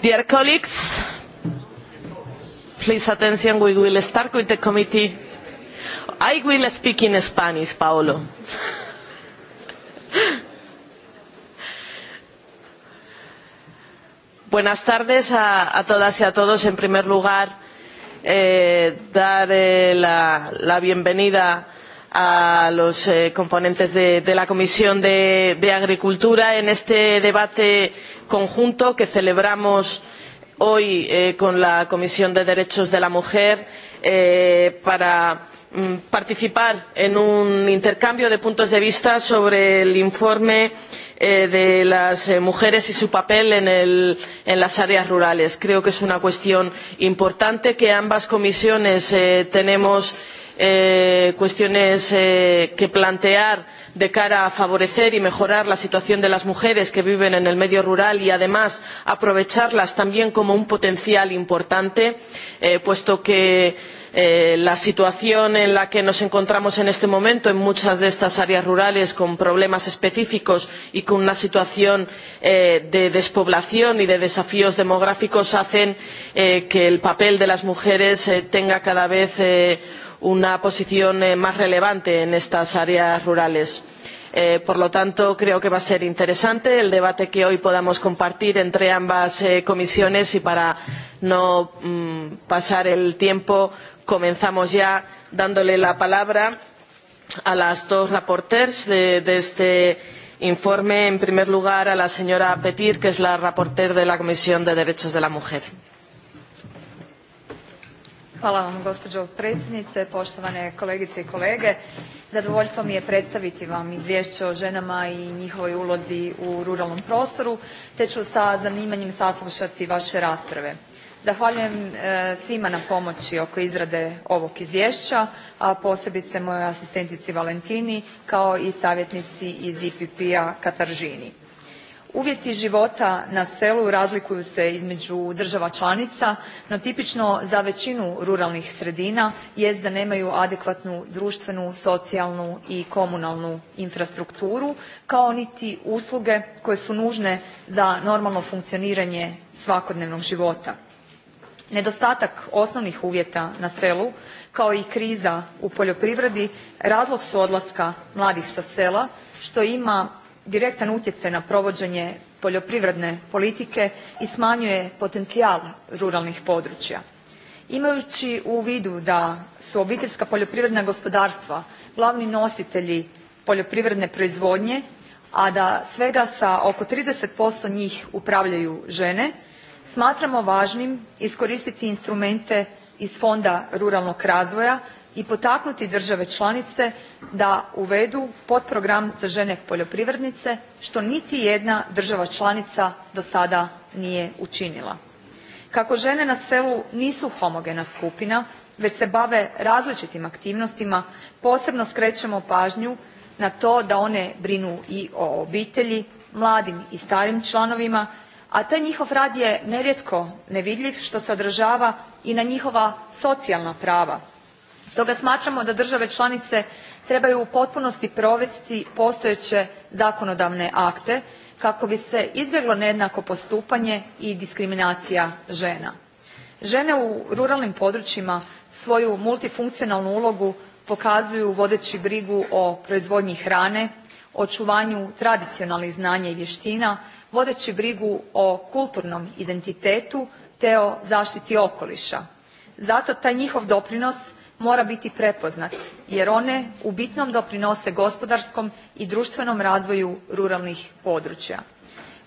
Dear colleagues, please attention, we will start with the committee. I will speak in Spanish, Paolo. Buenas tardes a, a todas y a todos. En primer lugar, eh, dar eh, la, la bienvenida a los eh, componentes de, de la Comisión de, de Agricultura en este debate conjunto que celebramos hoy eh, con la Comisión de Derechos de la Mujer eh, para mm, participar en un intercambio de puntos de vista sobre el informe eh, de las mujeres y su papel en, el, en, las áreas rurales. Creo que es una cuestión importante que ambas comisiones tenemos que Eh, cuestiones eh, que plantear de cara a favorecer y mejorar la situación de las mujeres que viven en el medio rural y además aprovecharlas también como un potencial importante eh, puesto que la situación en la que nos encontramos en este momento en muchas de estas áreas rurales con problemas específicos y con una situación de despoblación y de desafíos demográficos hace que el papel de las mujeres tenga cada vez un una posición eh, más relevante en estas áreas rurales. Eh, por lo tanto creo que va a ser interesante el debate que hoy podamos compartir entre ambas eh, comisiones y para no mm, pasar el tiempo comenzamos ya dándole la palabra a las dos ponentes de, de este informe en primer lugar a la señora petir que es la ponente de la comisión de derechos de la mujer. Hvala vam gospođo predsjednice, poštovane kolegice i kolege. Zadovoljstvo mi je predstaviti vam izvješće o ženama i njihovoj ulozi u ruralnom prostoru, te ću sa zanimanjem saslušati vaše rasprave. Zahvaljujem e, svima na pomoći oko izrade ovog izvješća, a posebice mojoj asistentici Valentini kao i savjetnici iz IPP-a Kataržini. Uvjeti života na selu razlikuju se između država članica, no tipično za većinu ruralnih sredina jest da nemaju adekvatnu društvenu, socijalnu i komunalnu infrastrukturu kao niti usluge koje su nužne za normalno funkcioniranje svakodnevnog života. Nedostatak osnovnih uvjeta na selu kao i kriza u poljoprivredi razlog su odlaska mladih sa sela što ima direktan utjecaj na provođenje poljoprivredne politike i smanjuje potencijal ruralnih područja. Imajući u vidu da su obiteljska poljoprivredna gospodarstva glavni nositelji poljoprivredne proizvodnje, a da svega sa oko 30% njih upravljaju žene, smatramo važnim iskoristiti instrumente iz Fonda ruralnog razvoja i potaknuti države članice da uvedu potprogram za žene poljoprivrednice što niti jedna država članica do sada nije učinila. Kako žene na selu nisu homogena skupina već se bave različitim aktivnostima posebno skrećemo pažnju na to da one brinu i o obitelji, mladim i starim članovima, a taj njihov rad je nerijetko nevidljiv što se odražava i na njihova socijalna prava Stoga smatramo da države članice trebaju u potpunosti provesti postojeće zakonodavne akte kako bi se izbjeglo nejednako postupanje i diskriminacija žena. Žene u ruralnim područjima svoju multifunkcionalnu ulogu pokazuju vodeći brigu o proizvodnji hrane, očuvanju tradicionalnih znanja i vještina, vodeći brigu o kulturnom identitetu te o zaštiti okoliša. Zato taj njihov doprinos mora biti prepoznat jer one u bitnom doprinose gospodarskom i društvenom razvoju ruralnih područja.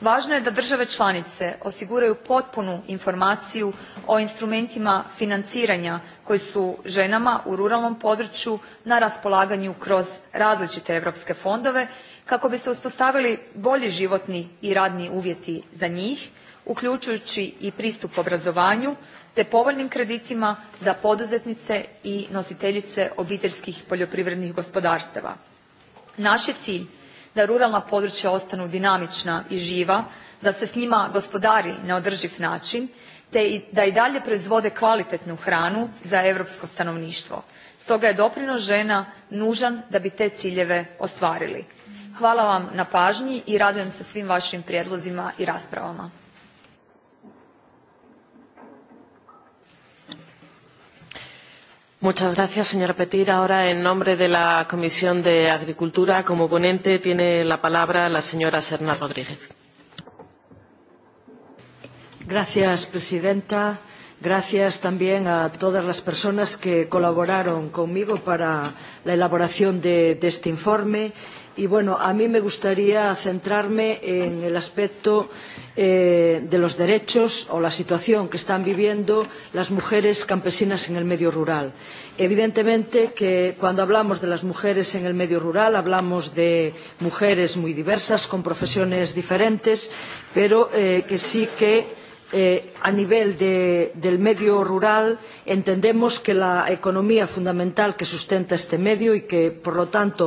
Važno je da države članice osiguraju potpunu informaciju o instrumentima financiranja koji su ženama u ruralnom području na raspolaganju kroz različite europske fondove kako bi se uspostavili bolji životni i radni uvjeti za njih uključujući i pristup obrazovanju, te povoljnim kreditima za poduzetnice i nositeljice obiteljskih poljoprivrednih gospodarstava. Naš je cilj da ruralna područja ostanu dinamična i živa, da se s njima gospodari na održiv način, te da i dalje proizvode kvalitetnu hranu za europsko stanovništvo. Stoga je doprinos žena nužan da bi te ciljeve ostvarili. Hvala vam na pažnji i radujem se svim vašim prijedlozima i raspravama. Muchas gracias, señora Petir. Ahora, en nombre de la Comisión de Agricultura, como ponente, tiene la palabra la señora Serna Rodríguez. Gracias, presidenta. Gracias también a todas las personas que colaboraron conmigo para la elaboración de, de este informe. Y Y bueno, a mí me gustaría centrarme en el aspecto eh, de los derechos o la situación que están viviendo las mujeres campesinas en el medio rural. Evidentemente que cuando hablamos de las mujeres en el medio rural hablamos de mujeres muy diversas, con profesiones diferentes, pero eh, que sí que Eh, a nivel de, del medio rural entendemos que la economía fundamental que sustenta este medio y que por lo tanto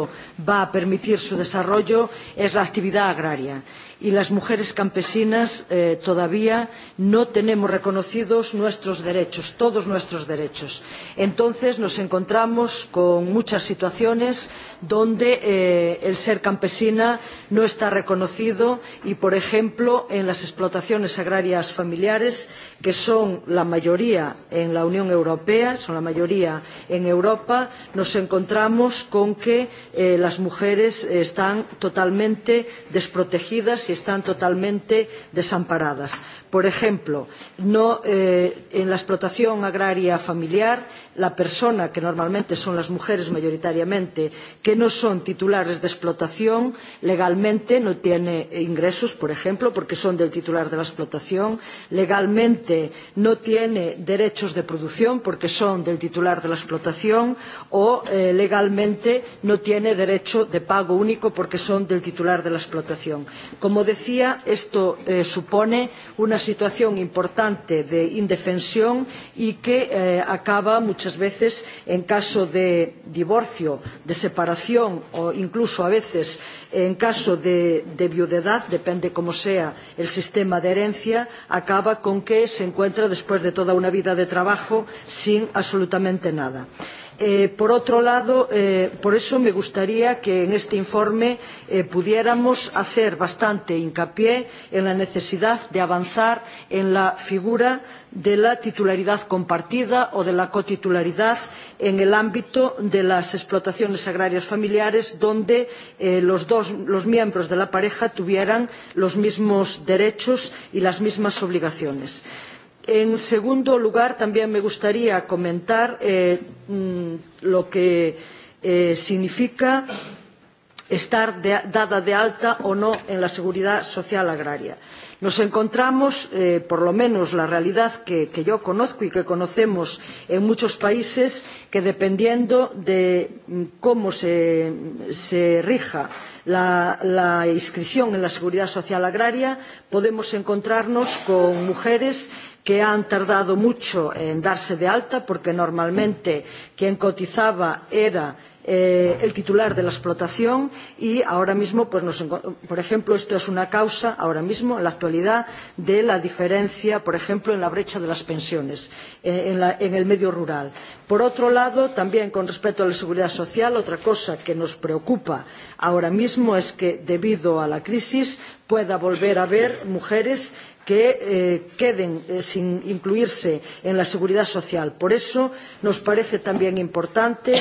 va a permitir su desarrollo es la actividad agraria y las mujeres campesinas eh, todavía no tenemos reconocidos nuestros derechos, todos nuestros derechos. Entonces nos encontramos con muchas situaciones donde eh, el ser campesina no está reconocido y, por ejemplo, en las explotaciones agrarias familiares que son la mayoría en la Unión Europea, son la mayoría en Europa, nos encontramos con que eh, las mujeres están totalmente desprotegidas y están totalmente desamparadas Por ejemplo, no, eh, en la explotación agraria familiar, la persona, que normalmente son las mujeres mayoritariamente, que no son titulares de explotación, legalmente no tiene ingresos, por ejemplo, porque son del titular de la explotación, legalmente no tiene derechos de producción porque son del titular de la explotación o eh, legalmente no tiene derecho de pago único porque son del titular de la explotación. Como decía, esto eh, supone una situación importante de indefensión y que eh, acaba muchas veces en caso de divorcio, de separación o incluso a veces en caso de, de viudedad, depende cómo sea el sistema de herencia, acaba con que se encuentra después de toda una vida de trabajo sin absolutamente nada. Eh, Eh, por otro lado, eh, por eso me gustaría que en este informe eh, pudiéramos hacer bastante hincapié en la necesidad de avanzar en la figura de la titularidad compartida o de la cotitularidad en el ámbito de las explotaciones agrarias familiares donde eh, los, dos, los miembros de la pareja tuvieran los mismos derechos y las mismas obligaciones. En segundo lugar, también me gustaría comentar eh, mm, lo que eh, significa estar de, dada de alta o no en la seguridad social agraria. Nos encontramos, eh, por lo menos la realidad que, que yo conozco y que conocemos en muchos países, que dependiendo de mm, cómo se, se rija la, la inscripción en la seguridad social agraria, podemos encontrarnos con mujeres que que han tardado mucho en darse de alta porque normalmente quien cotizaba era eh, el titular de la explotación y ahora mismo, pues nos, por ejemplo, esto es una causa ahora mismo, en la actualidad, de la diferencia, por ejemplo, en la brecha de las pensiones eh, en, la, en el medio rural. Por otro lado, también con respecto a la seguridad social, otra cosa que nos preocupa ahora mismo es que, debido a la crisis, pueda volver a haber mujeres que eh, queden eh, sin incluirse en la seguridad social. Por eso nos parece también importante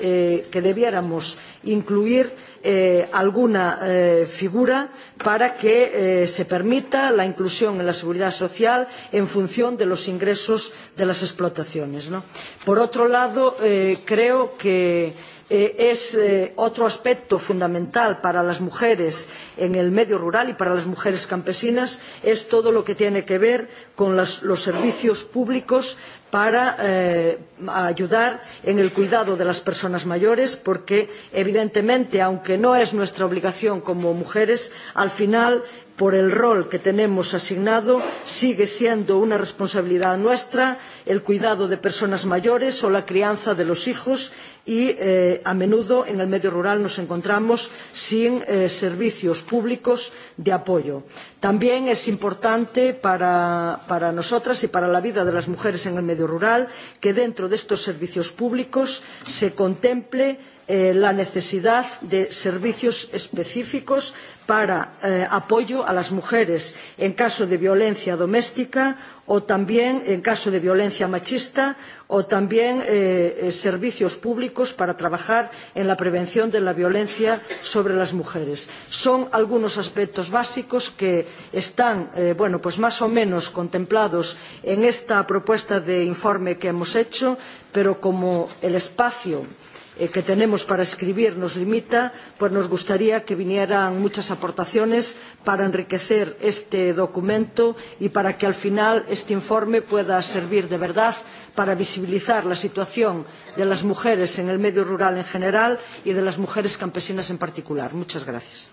eh, que debiéramos incluir eh, alguna eh, figura para que eh, se permita la inclusión en la seguridad social en función de los ingresos de las explotaciones. ¿no? Por otro lado, eh, creo que eh, es eh, otro aspecto fundamental para las mujeres en el medio rural y para las mujeres campesinas es todo lo que tiene que ver con las, los servicios públicos para eh, ayudar en el cuidado de las personas mayores porque evidentemente aunque no es nuestra obligación como mujeres al final por el rol que tenemos asignado sigue siendo una responsabilidad nuestra el cuidado de personas mayores o la crianza de los hijos y eh, a menudo en el medio rural nos encontramos sin eh, servicios públicos de apoyo. También es importante para, nosotras y para la vida de las mujeres en el medio rural que dentro de estos servicios públicos se contemple Eh, la necesidad de servicios específicos para eh, apoyo a las mujeres en caso de violencia doméstica o también en caso de violencia machista o también eh, eh, servicios públicos para trabajar en la prevención de la violencia sobre las mujeres. Son algunos aspectos básicos que están eh, bueno, pues más o menos contemplados en esta propuesta de informe que hemos hecho, pero como el espacio eh, Eh, que tenemos para escribir nos limita, pues nos gustaría que vinieran muchas aportaciones para enriquecer este documento y para que al final este informe pueda servir de verdad para visibilizar la situación de las mujeres en el medio rural en general y de las mujeres campesinas en particular. Muchas gracias.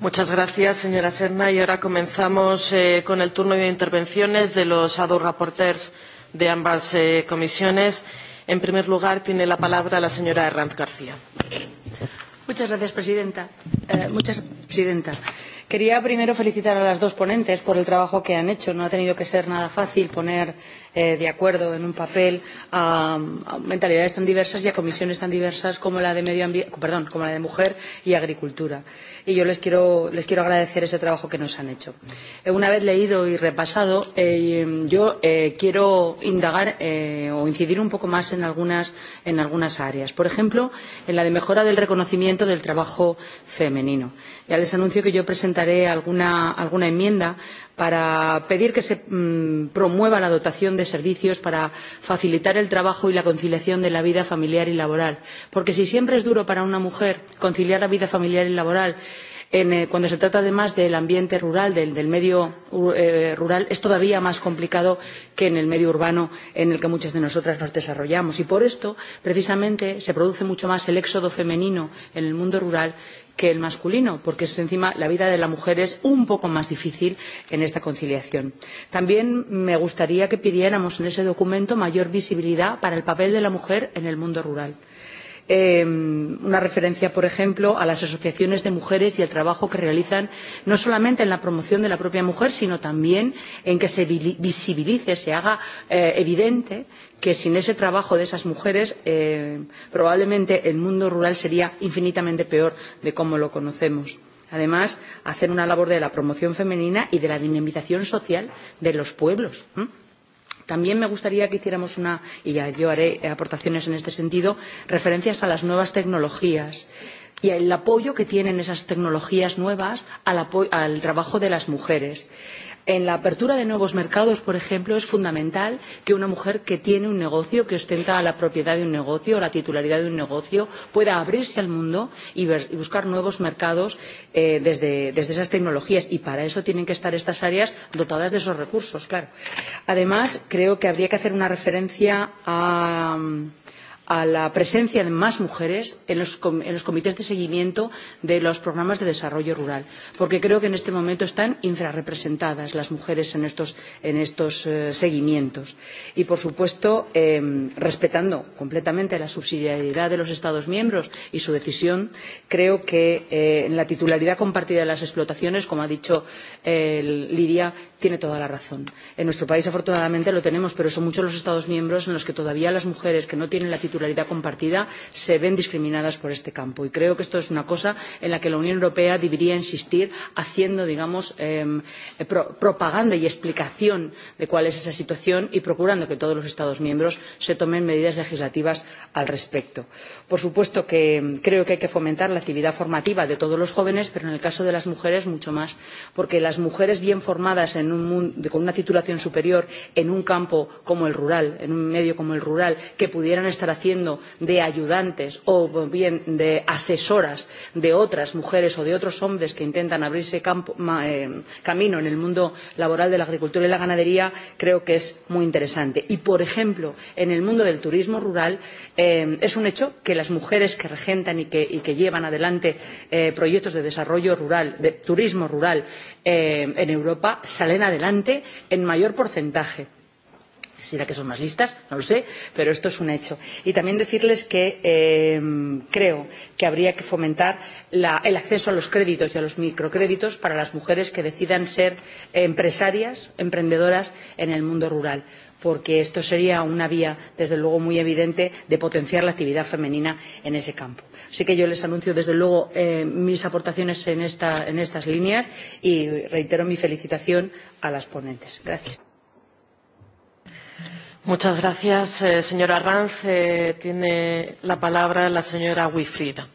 Muchas gracias, señora Serna. Y ahora comenzamos eh, con el turno de intervenciones de los shadow rapporteurs de ambas eh, comisiones. En primer lugar, tiene la palabra la señora Herranz García. Muchas gracias, presidenta. Eh, muchas, presidenta. Quería primero felicitar a las dos ponentes por el trabajo que han hecho. No ha tenido que ser nada fácil poner eh, de acuerdo en un papel a, a mentalidades tan diversas y a comisiones tan diversas como la de medio ambiente, perdón, como la de mujer y agricultura. Y yo les quiero, les quiero agradecer ese trabajo que nos han hecho. Eh, una vez leído y repasado, eh, yo eh, quiero indagar eh, o incidir un poco más en algunas, en algunas áreas. Por ejemplo, en la de mejora del reconocimiento del trabajo femenino. Ya les anuncio que yo presentaré alguna, alguna enmienda para pedir que se mm, promueva la dotación de servicios para facilitar el trabajo y la conciliación de la vida familiar y laboral. Porque si siempre es duro para una mujer conciliar la vida familiar y laboral, en, eh, cuando se trata además del ambiente rural, del, del medio eh, rural, es todavía más complicado que en el medio urbano en el que muchas de nosotras nos desarrollamos. Y por esto, precisamente, se produce mucho más el éxodo femenino en el mundo rural que el masculino, porque es encima la vida de la mujer es un poco más difícil en esta conciliación. También me gustaría que pidiéramos en ese documento mayor visibilidad para el papel de la mujer en el mundo rural Eh, una referencia, por ejemplo, a las asociaciones de mujeres y al trabajo que realizan no solamente en la promoción de la propia mujer, sino también en que se visibilice, se haga eh, evidente que sin ese trabajo de esas mujeres eh, probablemente el mundo rural sería infinitamente peor de como lo conocemos además hacer una labor de la promoción femenina y de la dinamización social de los pueblos. ¿eh? También me gustaría que hiciéramos una, y ya yo haré aportaciones en este sentido, referencias a las nuevas tecnologías y al apoyo que tienen esas tecnologías nuevas al, al trabajo de las mujeres. Eh, en la apertura de nuevos mercados, por ejemplo, es fundamental que una mujer que tiene un negocio, que ostenta la propiedad de un negocio o la titularidad de un negocio, pueda abrirse al mundo y, ver, y buscar nuevos mercados eh, desde, desde esas tecnologías. Y para eso tienen que estar estas áreas dotadas de esos recursos, claro. Además, creo que habría que hacer una referencia a. Um, a la presencia de más mujeres en los, en los comités de seguimiento de los programas de desarrollo rural, porque creo que en este momento están infrarrepresentadas las mujeres en estos, en estos eh, seguimientos. Y, por supuesto, eh, respetando completamente la subsidiariedad de los Estados miembros y su decisión, creo que eh, en la titularidad compartida de las explotaciones, como ha dicho eh, Lidia, tiene toda la razón. En nuestro país, afortunadamente, lo tenemos, pero son muchos los Estados miembros en los que todavía las mujeres que no tienen la titularidad titularidad compartida se ven discriminadas por este campo. Y creo que esto es una cosa en la que la Unión Europea debería insistir haciendo, digamos, eh, pro propaganda y explicación de cuál es esa situación y procurando que todos los Estados miembros se tomen medidas legislativas al respecto. Por supuesto que creo que hay que fomentar la actividad formativa de todos los jóvenes, pero en el caso de las mujeres mucho más, porque las mujeres bien formadas en un mundo, con una titulación superior en un campo como el rural, en un medio como el rural, que pudieran estar haciendo de ayudantes o bien de asesoras de otras mujeres o de otros hombres que intentan abrirse campo, ma, eh, camino en el mundo laboral de la agricultura y la ganadería creo que es muy interesante. Y, por ejemplo, en el mundo del turismo rural eh, es un hecho que las mujeres que regentan y que, y que llevan adelante eh, proyectos de desarrollo rural, de turismo rural eh, en Europa, salen adelante en mayor porcentaje será que son más listas, no lo sé, pero esto es un hecho. Y también decirles que eh, creo que habría que fomentar la, el acceso a los créditos y a los microcréditos para las mujeres que decidan ser empresarias, emprendedoras en el mundo rural porque esto sería una vía, desde luego, muy evidente de potenciar la actividad femenina en ese campo. Así que yo les anuncio, desde luego, eh, mis aportaciones en, esta, en estas líneas y reitero mi felicitación a las ponentes. Gracias. Muchas gracias, eh, señora Ranz. Eh, tiene la palabra la señora Wifrida.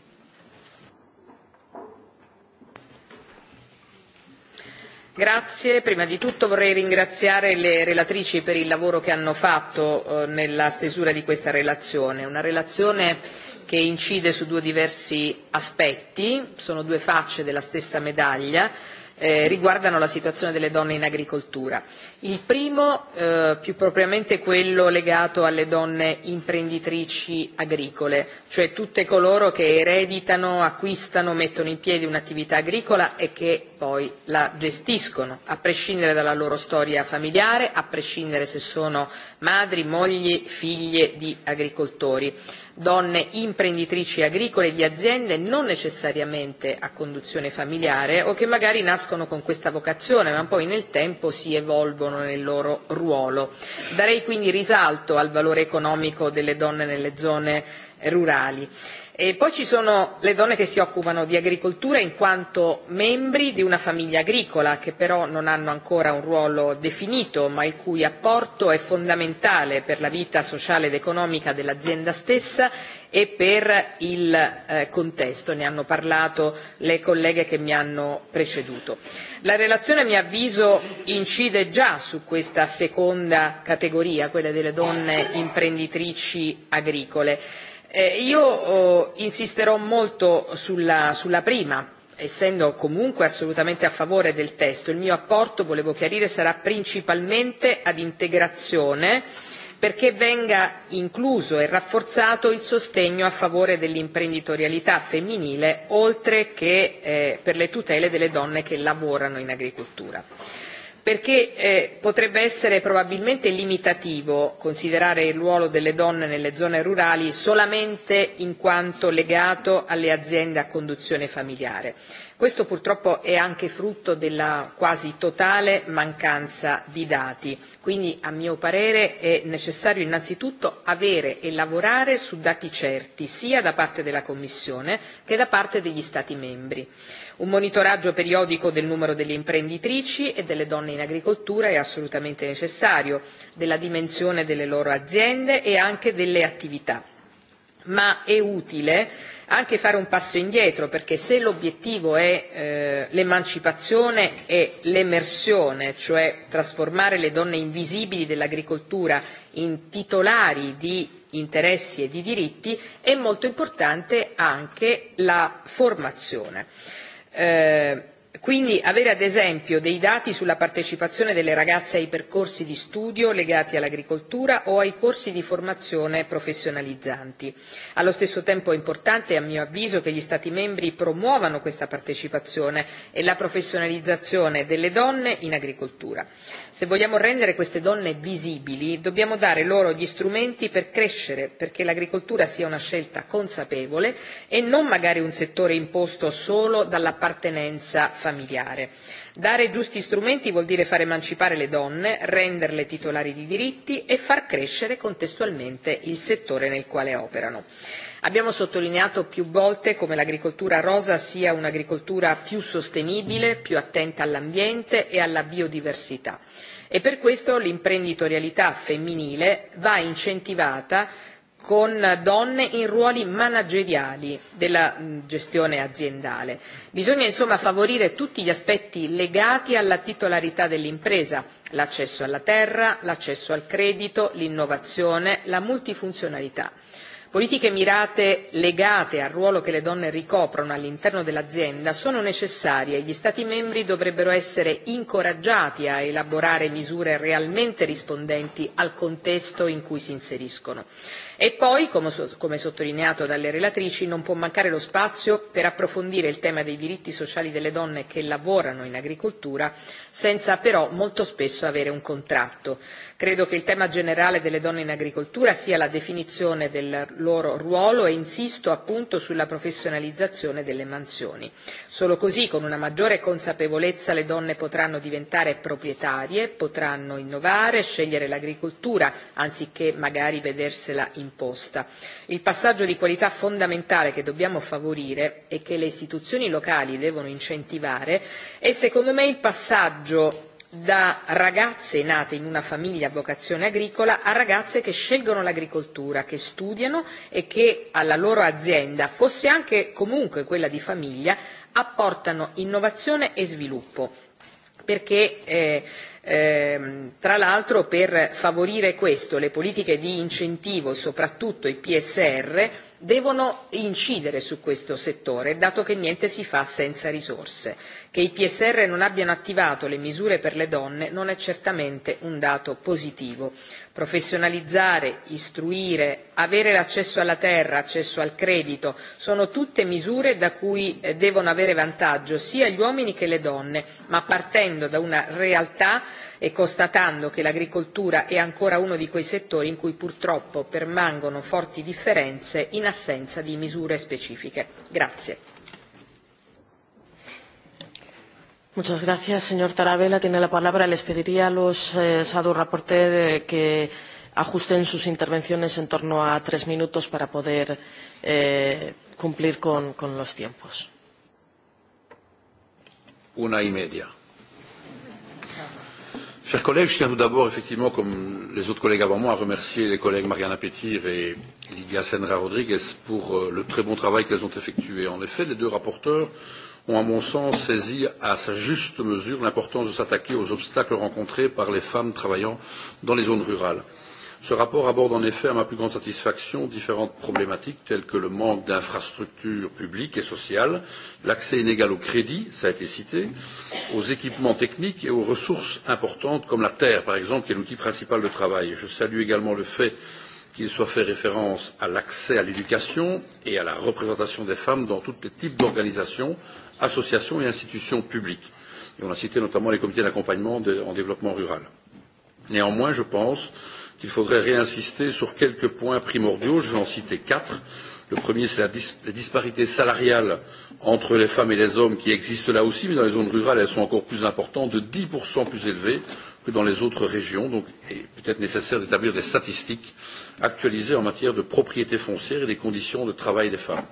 Grazie. Prima di tutto vorrei ringraziare le relatrici per il lavoro che hanno fatto eh, nella stesura di questa relazione. Una relazione che incide su due diversi aspetti, sono due facce della stessa medaglia eh, riguardano la situazione delle donne in agricoltura. Il primo, eh, più propriamente quello legato alle donne imprenditrici agricole, cioè tutte coloro che ereditano, acquistano, mettono in piedi un'attività agricola e che poi la gestiscono, a prescindere dalla loro storia familiare, a prescindere se sono madri, mogli, figlie di agricoltori donne imprenditrici agricole di aziende non necessariamente a conduzione familiare o che magari nascono con questa vocazione ma poi nel tempo si evolvono nel loro ruolo. Darei quindi risalto al valore economico delle donne nelle zone rurali. E poi ci sono le donne che si occupano di agricoltura in quanto membri di una famiglia agricola, che però non hanno ancora un ruolo definito, ma il cui apporto è fondamentale per la vita sociale ed economica dell'azienda stessa e per il eh, contesto ne hanno parlato le colleghe che mi hanno preceduto. La relazione, a mio avviso, incide già su questa seconda categoria, quella delle donne imprenditrici agricole Eh, io oh, insisterò molto sulla, sulla prima, essendo comunque assolutamente a favore del testo. Il mio apporto, volevo chiarire, sarà principalmente ad integrazione perché venga incluso e rafforzato il sostegno a favore dell'imprenditorialità femminile, oltre che eh, per le tutele delle donne che lavorano in agricoltura perché eh, potrebbe essere probabilmente limitativo considerare il ruolo delle donne nelle zone rurali solamente in quanto legato alle aziende a conduzione familiare. Questo purtroppo è anche frutto della quasi totale mancanza di dati, quindi a mio parere è necessario innanzitutto avere e lavorare su dati certi sia da parte della Commissione che da parte degli Stati membri Un monitoraggio periodico del numero delle imprenditrici e delle donne in agricoltura è assolutamente necessario, della dimensione delle loro aziende e anche delle attività. Ma è utile anche fare un passo indietro perché se l'obiettivo è eh, l'emancipazione e l'emersione, cioè trasformare le donne invisibili dell'agricoltura in titolari di interessi e di diritti, è molto importante anche la formazione Eh, quindi avere ad esempio dei dati sulla partecipazione delle ragazze ai percorsi di studio legati all'agricoltura o ai corsi di formazione professionalizzanti. Allo stesso tempo è importante, a mio avviso, che gli Stati membri promuovano questa partecipazione e la professionalizzazione delle donne in agricoltura. Se vogliamo rendere queste donne visibili, dobbiamo dare loro gli strumenti per crescere, perché l'agricoltura sia una scelta consapevole e non magari un settore imposto solo dall'appartenenza familiare. Dare giusti strumenti vuol dire far emancipare le donne, renderle titolari di diritti e far crescere contestualmente il settore nel quale operano. Abbiamo sottolineato più volte come l'agricoltura rosa sia un'agricoltura più sostenibile, più attenta all'ambiente e alla biodiversità e per questo l'imprenditorialità femminile va incentivata con donne in ruoli manageriali della mm, gestione aziendale. Bisogna insomma favorire tutti gli aspetti legati alla titolarità dell'impresa, l'accesso alla terra, l'accesso al credito, l'innovazione, la multifunzionalità. Politiche mirate legate al ruolo che le donne ricoprono all'interno dell'azienda sono necessarie e gli Stati membri dovrebbero essere incoraggiati a elaborare misure realmente rispondenti al contesto in cui si inseriscono. E poi, come sottolineato dalle relatrici, non può mancare lo spazio per approfondire il tema dei diritti sociali delle donne che lavorano in agricoltura, senza però molto spesso avere un contratto. Credo che il tema generale delle donne in agricoltura sia la definizione del loro ruolo e insisto appunto sulla professionalizzazione delle mansioni. Solo così, con una maggiore consapevolezza, le donne potranno diventare proprietarie, potranno innovare, scegliere l'agricoltura anziché magari vedersela imposta. Il passaggio di qualità fondamentale che dobbiamo favorire e che le istituzioni locali devono incentivare è secondo me il passaggio passaggio da ragazze nate in una famiglia a vocazione agricola a ragazze che scelgono l'agricoltura, che studiano e che alla loro azienda, fosse anche comunque quella di famiglia, apportano innovazione e sviluppo. Perché eh, ehm, tra l'altro per favorire questo le politiche di incentivo, soprattutto i PSR, devono incidere su questo settore, dato che niente si fa senza risorse. Che i PSR non abbiano attivato le misure per le donne non è certamente un dato positivo. Professionalizzare, istruire, avere l'accesso alla terra, accesso al credito, sono tutte misure da cui eh, devono avere vantaggio sia gli uomini che le donne, ma partendo da una realtà e constatando che l'agricoltura è ancora uno di quei settori in cui purtroppo permangono forti differenze in assenza di misure specifiche. Grazie. Muchas gracias, señor Tarabella. Tiene la palabra. Les pediría a los eh, eh, que ajusten sus intervenciones en torno a tres minutos para poder eh, cumplir con, con los tiempos. Una y media. Chers collègues, je tiens tout d'abord, effectivement, comme les autres collègues avant moi, à remercier les collègues Mariana Petir et Lydia Senra Rodriguez pour euh, le très bon travail qu'elles ont effectué. En effet, les deux rapporteurs ont, à mon sens, saisi à sa juste mesure l'importance de s'attaquer aux obstacles rencontrés par les femmes travaillant dans les zones rurales. Ce rapport aborde en effet, à ma plus grande satisfaction, différentes problématiques telles que le manque d'infrastructures publiques et sociales, l'accès inégal au crédit, ça a été cité, aux équipements techniques et aux ressources importantes comme la terre, par exemple, qui est l'outil principal de travail. Je salue également le fait qu'il soit fait référence à l'accès à l'éducation et à la représentation des femmes dans tous les types d'organisations, associations et institutions publiques. Et on a cité notamment les comités d'accompagnement en développement rural. Néanmoins, je pense qu'il faudrait réinsister sur quelques points primordiaux. Je vais en citer quatre. Le premier, c'est la, dis la disparité salariale entre les femmes et les hommes qui existe là aussi, mais dans les zones rurales, elles sont encore plus importantes, de 10% plus élevées que dans les autres régions. Donc, il est peut-être nécessaire d'établir des statistiques actualisées en matière de propriété foncière et des conditions de travail des femmes.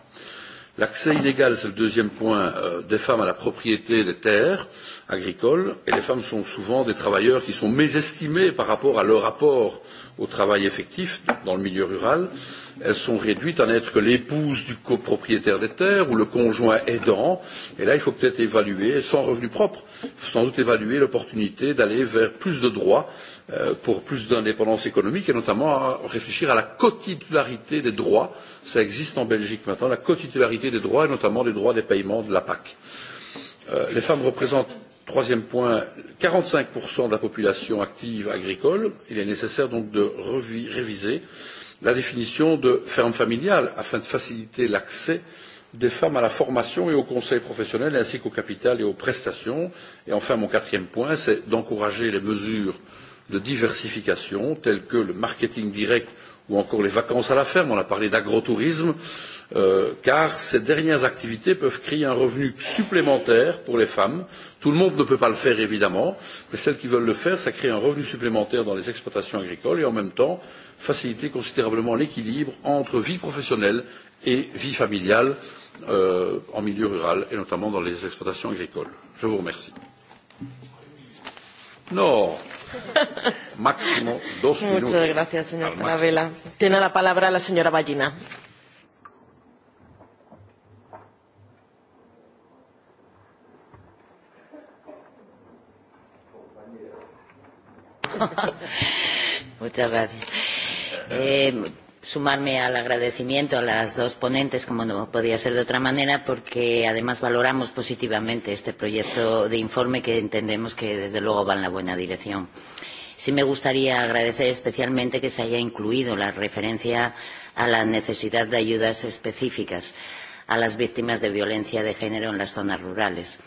L'accès illégal, c'est le deuxième point, euh, des femmes à la propriété des terres agricoles. Et les femmes sont souvent des travailleurs qui sont mésestimés par rapport à leur rapport au travail effectif dans le milieu rural. Euh, elles sont réduites à n'être que l'épouse du copropriétaire des terres ou le conjoint aidant. Et là, il faut peut-être évaluer, sans revenu propre, il faut sans doute évaluer l'opportunité d'aller vers plus de droits euh, pour plus d'indépendance économique et notamment à réfléchir à la cotitularité des droits. Ça existe en Belgique maintenant, la cotitularité des droits et notamment des droits des paiements de la PAC. Euh, les femmes représentent Troisième point, 45% de la population active agricole. Il est nécessaire donc de réviser la définition de ferme familiale afin de faciliter l'accès des femmes à la formation et au conseil professionnel ainsi qu'au capital et aux prestations. Et enfin, mon quatrième point, c'est d'encourager les mesures de diversification telles que le marketing direct ou encore les vacances à la ferme, on a parlé d'agrotourisme, euh, car ces dernières activités peuvent créer un revenu supplémentaire pour les femmes. Tout le monde ne peut pas le faire évidemment, mais celles qui veulent le faire, ça crée un revenu supplémentaire dans les exploitations agricoles et en même temps faciliter considérablement l'équilibre entre vie professionnelle et vie familiale euh, en milieu rural et notamment dans les exploitations agricoles. Je vous remercie. Non. Máximo dos minutos. Muchas gracias, señor Canavela. Tiene la palabra la señora Ballina. Muchas gracias. Eh, sumarme al agradecimiento a las dos ponentes, como no podía ser de otra manera, porque además valoramos positivamente este proyecto de informe que entendemos que desde luego va en la buena dirección. Sí me gustaría agradecer especialmente que se haya incluido la referencia a la necesidad de ayudas específicas a las víctimas de violencia de género en las zonas rurales. Eh,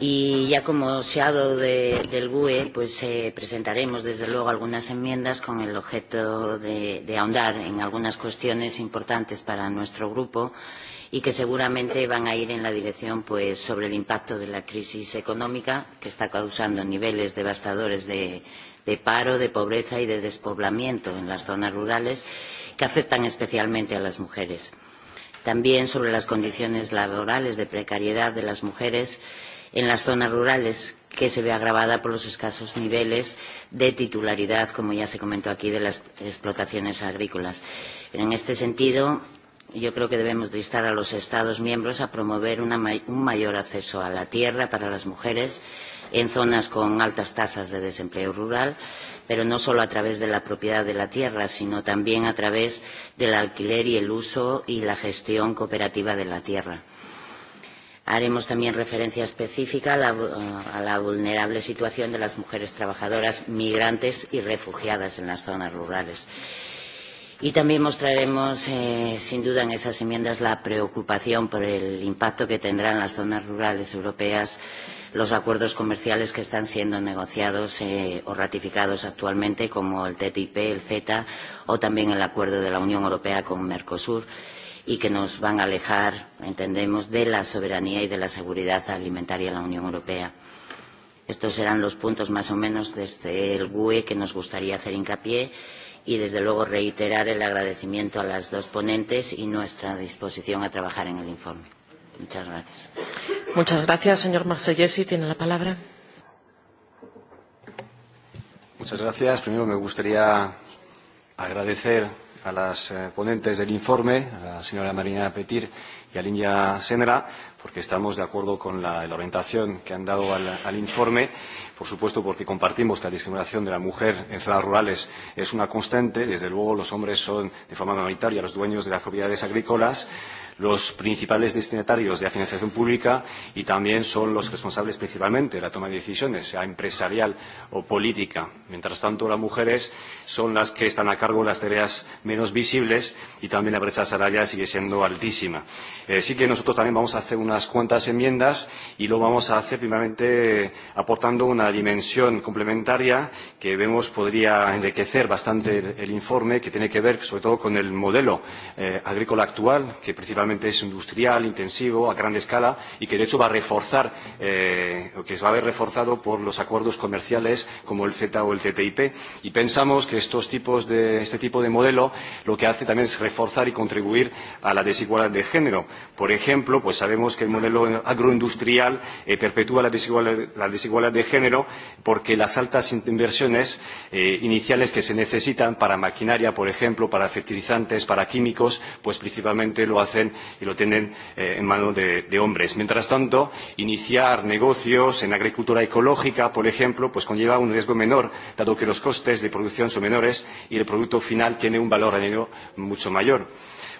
Y ya como seado de, del GUE, pues eh, presentaremos desde luego algunas enmiendas con el objeto de, de ahondar en algunas cuestiones importantes para nuestro grupo y que seguramente van a ir en la dirección pues, sobre el impacto de la crisis económica que está causando niveles devastadores de, de paro, de pobreza y de despoblamiento en las zonas rurales que afectan especialmente a las mujeres. También sobre las condiciones laborales de precariedad de las mujeres en las zonas rurales, que se ve agravada por los escasos niveles de titularidad, como ya se comentó aquí, de las explotaciones agrícolas. En este sentido, yo creo que debemos de instar a los Estados miembros a promover una, un mayor acceso a la tierra para las mujeres en zonas con altas tasas de desempleo rural, pero no solo a través de la propiedad de la tierra, sino también a través del alquiler y el uso y la gestión cooperativa de la tierra. Haremos también referencia específica a la, eh, a la vulnerable situación de las mujeres trabajadoras, migrantes y refugiadas en las zonas rurales. Y también mostraremos, eh, sin duda, en esas enmiendas la preocupación por el impacto que tendrán en las zonas rurales europeas los acuerdos comerciales que están siendo negociados eh, o ratificados actualmente, como el TTIP, el CETA o también el acuerdo de la Unión Europea con Mercosur. Eh, y que nos van a alejar, entendemos, de la soberanía y de la seguridad alimentaria en la Unión Europea. Estos eran los puntos más o menos desde el GUE que nos gustaría hacer hincapié y desde luego reiterar el agradecimiento a las dos ponentes y nuestra disposición a trabajar en el informe. Muchas gracias. Muchas gracias, señor Marsellesi. Tiene la palabra. Muchas gracias. Primero me gustaría agradecer a las eh, ponentes del informe, a la señora Marina Petir y a Linda Senra, porque estamos de acuerdo con la, la orientación que han dado al, al informe, por supuesto porque compartimos que la discriminación de la mujer en zonas rurales es una constante, desde luego los hombres son de forma mayoritaria, los dueños de las propiedades agrícolas, los principales destinatarios de la financiación pública y también son los responsables principalmente de la toma de decisiones, sea empresarial o política. Mientras tanto, las mujeres son las que están a cargo de las tareas menos visibles y también la brecha salarial sigue siendo altísima. Eh, sí que nosotros también vamos a hacer unas cuantas enmiendas y lo vamos a hacer primeramente aportando una dimensión complementaria que vemos podría enriquecer bastante el, el informe, que tiene que ver sobre todo con el modelo eh, agrícola actual, que principalmente seguramente es industrial, intensivo, a gran escala y que de hecho va a reforzar, eh, o que se va a ver reforzado por los acuerdos comerciales como el CETA o el TTIP. Y pensamos que estos tipos de, este tipo de modelo lo que hace también es reforzar y contribuir a la desigualdad de género. Por ejemplo, pues sabemos que el modelo agroindustrial eh, perpetúa la desigualdad, la desigualdad de género porque las altas inversiones eh, iniciales que se necesitan para maquinaria, por ejemplo, para fertilizantes, para químicos, pues principalmente lo hacen y lo tienen eh, en manos de, de hombres. Mientras tanto, iniciar negocios en agricultura ecológica, por ejemplo, pues conlleva un riesgo menor, dado que los costes de producción son menores y el producto final tiene un valor añadido mucho mayor.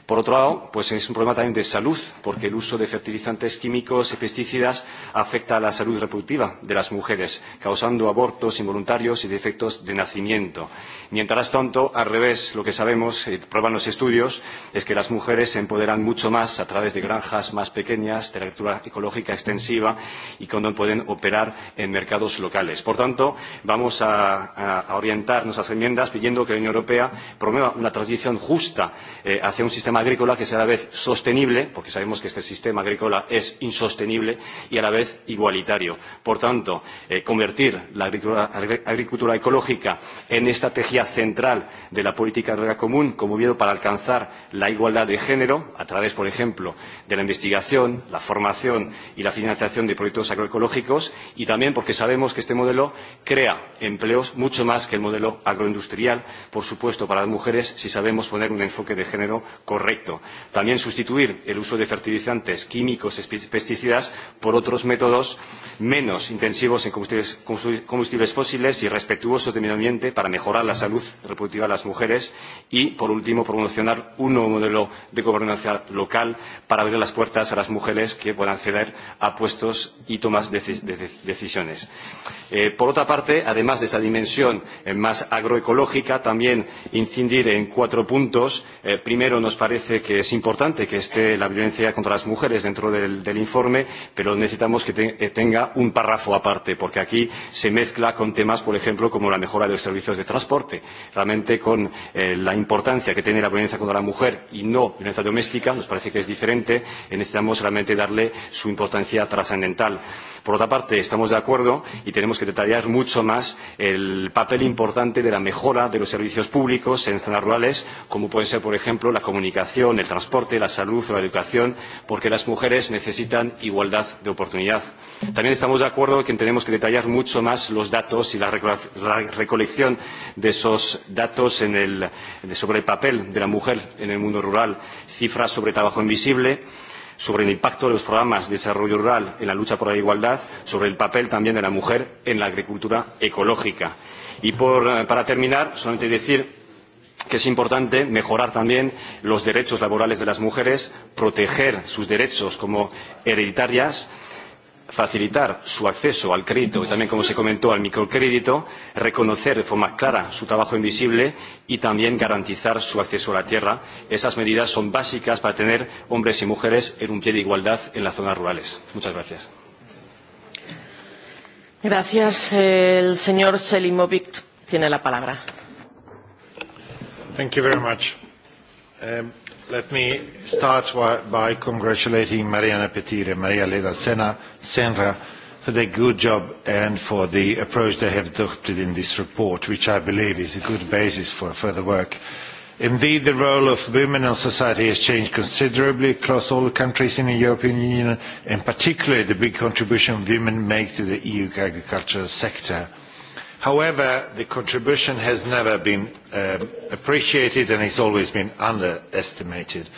Por otro lado, pues es un problema también de salud, porque el uso de fertilizantes químicos y pesticidas afecta a la salud reproductiva de las mujeres, causando abortos involuntarios y defectos de nacimiento. Mientras tanto, al revés, lo que sabemos, eh, prueban los estudios, es que las mujeres se empoderan mucho más a través de granjas más pequeñas, de la agricultura ecológica extensiva y cuando pueden operar en mercados locales. Por tanto, vamos a, a orientar nuestras enmiendas pidiendo que la Unión Europea promueva una transición justa eh, hacia un sistema sistema agrícola que sea a la vez sostenible, porque sabemos que este sistema agrícola es insostenible, y a la vez igualitario. Por tanto, eh, convertir la agricultura, agricultura ecológica en estrategia central de la política agrícola común como miedo para alcanzar la igualdad de género, a través, por ejemplo, de la investigación, la formación y la financiación de proyectos agroecológicos, y también porque sabemos que este modelo crea empleos mucho más que el modelo agroindustrial, por supuesto, para las mujeres, si sabemos poner un enfoque de género correcto correcto. También sustituir el uso de fertilizantes químicos y pesticidas por otros métodos menos intensivos en combustibles, combustibles fósiles y respetuosos del medio ambiente para mejorar la salud reproductiva de las mujeres. Y, por último, promocionar un nuevo modelo de gobernanza local para abrir las puertas a las mujeres que puedan acceder a puestos y tomas de de, de decisiones. Eh, por otra parte, además de esta dimensión eh, más agroecológica, también incidir en cuatro puntos. Eh, primero, nos parece parece que es importante que esté la violencia contra las mujeres dentro del, del informe, pero necesitamos que te, tenga un párrafo aparte, porque aquí se mezcla con temas, por ejemplo, como la mejora de los servicios de transporte. Realmente con eh, la importancia que tiene la violencia contra la mujer y no violencia doméstica, nos parece que es diferente, y necesitamos realmente darle su importancia trascendental. Por otra parte, estamos de acuerdo y tenemos que detallar mucho más el papel importante de la mejora de los servicios públicos en zonas rurales, como puede ser, por ejemplo, la comunicación comunicación, el transporte, la salud o la educación, porque las mujeres necesitan igualdad de oportunidad. También estamos de acuerdo en que tenemos que detallar mucho más los datos y la, reco la recolección de esos datos en el, de, sobre el papel de la mujer en el mundo rural, cifras sobre trabajo invisible, sobre el impacto de los programas de desarrollo rural en la lucha por la igualdad, sobre el papel también de la mujer en la agricultura ecológica. Y por, eh, para terminar, solamente decir que es importante mejorar también los derechos laborales de las mujeres, proteger sus derechos como hereditarias, facilitar su acceso al crédito y también, como se comentó, al microcrédito, reconocer de forma clara su trabajo invisible y también garantizar su acceso a la tierra. Esas medidas son básicas para tener hombres y mujeres en un pie de igualdad en las zonas rurales. Muchas gracias. Gracias. Eh, el señor Selimovic tiene la palabra. Thank you very much. Um, let me start by congratulating Mariana Petir and Maria Elena Senra for their good job and for the approach they have adopted in this report, which I believe is a good basis for further work. Indeed, the role of women in society has changed considerably across all the countries in the European Union, and particularly the big contribution women make to the EU agricultural sector However, the contribution has never been um, appreciated and has always been underestimated.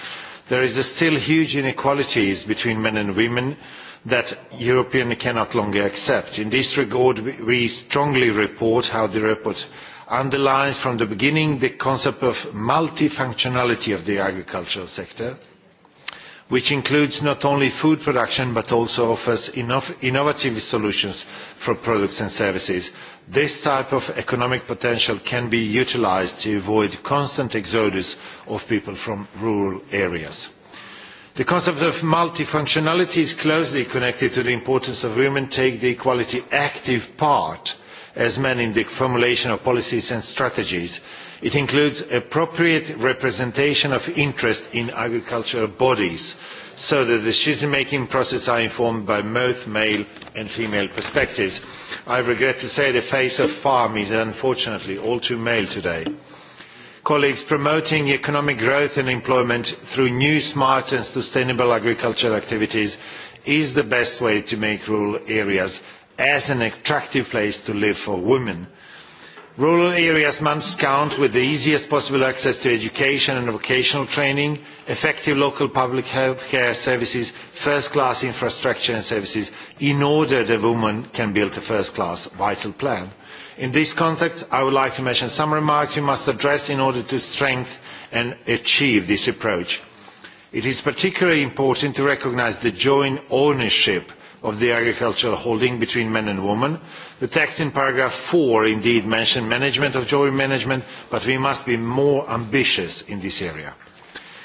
There is still huge inequalities between men and women that Europeans cannot longer accept. In this regard, we strongly report how the report underlines from the beginning the concept of multifunctionality of the agricultural sector, which includes not only food production but also offers innovative solutions for products and services This type of economic potential can be utilised to avoid constant exodus of people from rural areas. The concept of multifunctionality is closely connected to the importance of women take the equality active part as men in the formulation of policies and strategies It includes appropriate representation of interest in agricultural bodies so that the decision-making process is informed by both male and female perspectives. I regret to say the face of farm is unfortunately all too male today. Colleagues, promoting economic growth and employment through new smart and sustainable agricultural activities is the best way to make rural areas an attractive place to live for women Rural areas must count with the easiest possible access to education and vocational training, effective local public health care services, first-class infrastructure and services, in order that women can build a first-class vital plan. In this context, I would like to mention some remarks we must address in order to strengthen and achieve this approach. It is particularly important to recognise the joint ownership of the agricultural holding between men and women The text in paragraph 4 indeed mentioned management of joint management, but we must be more ambitious in this area.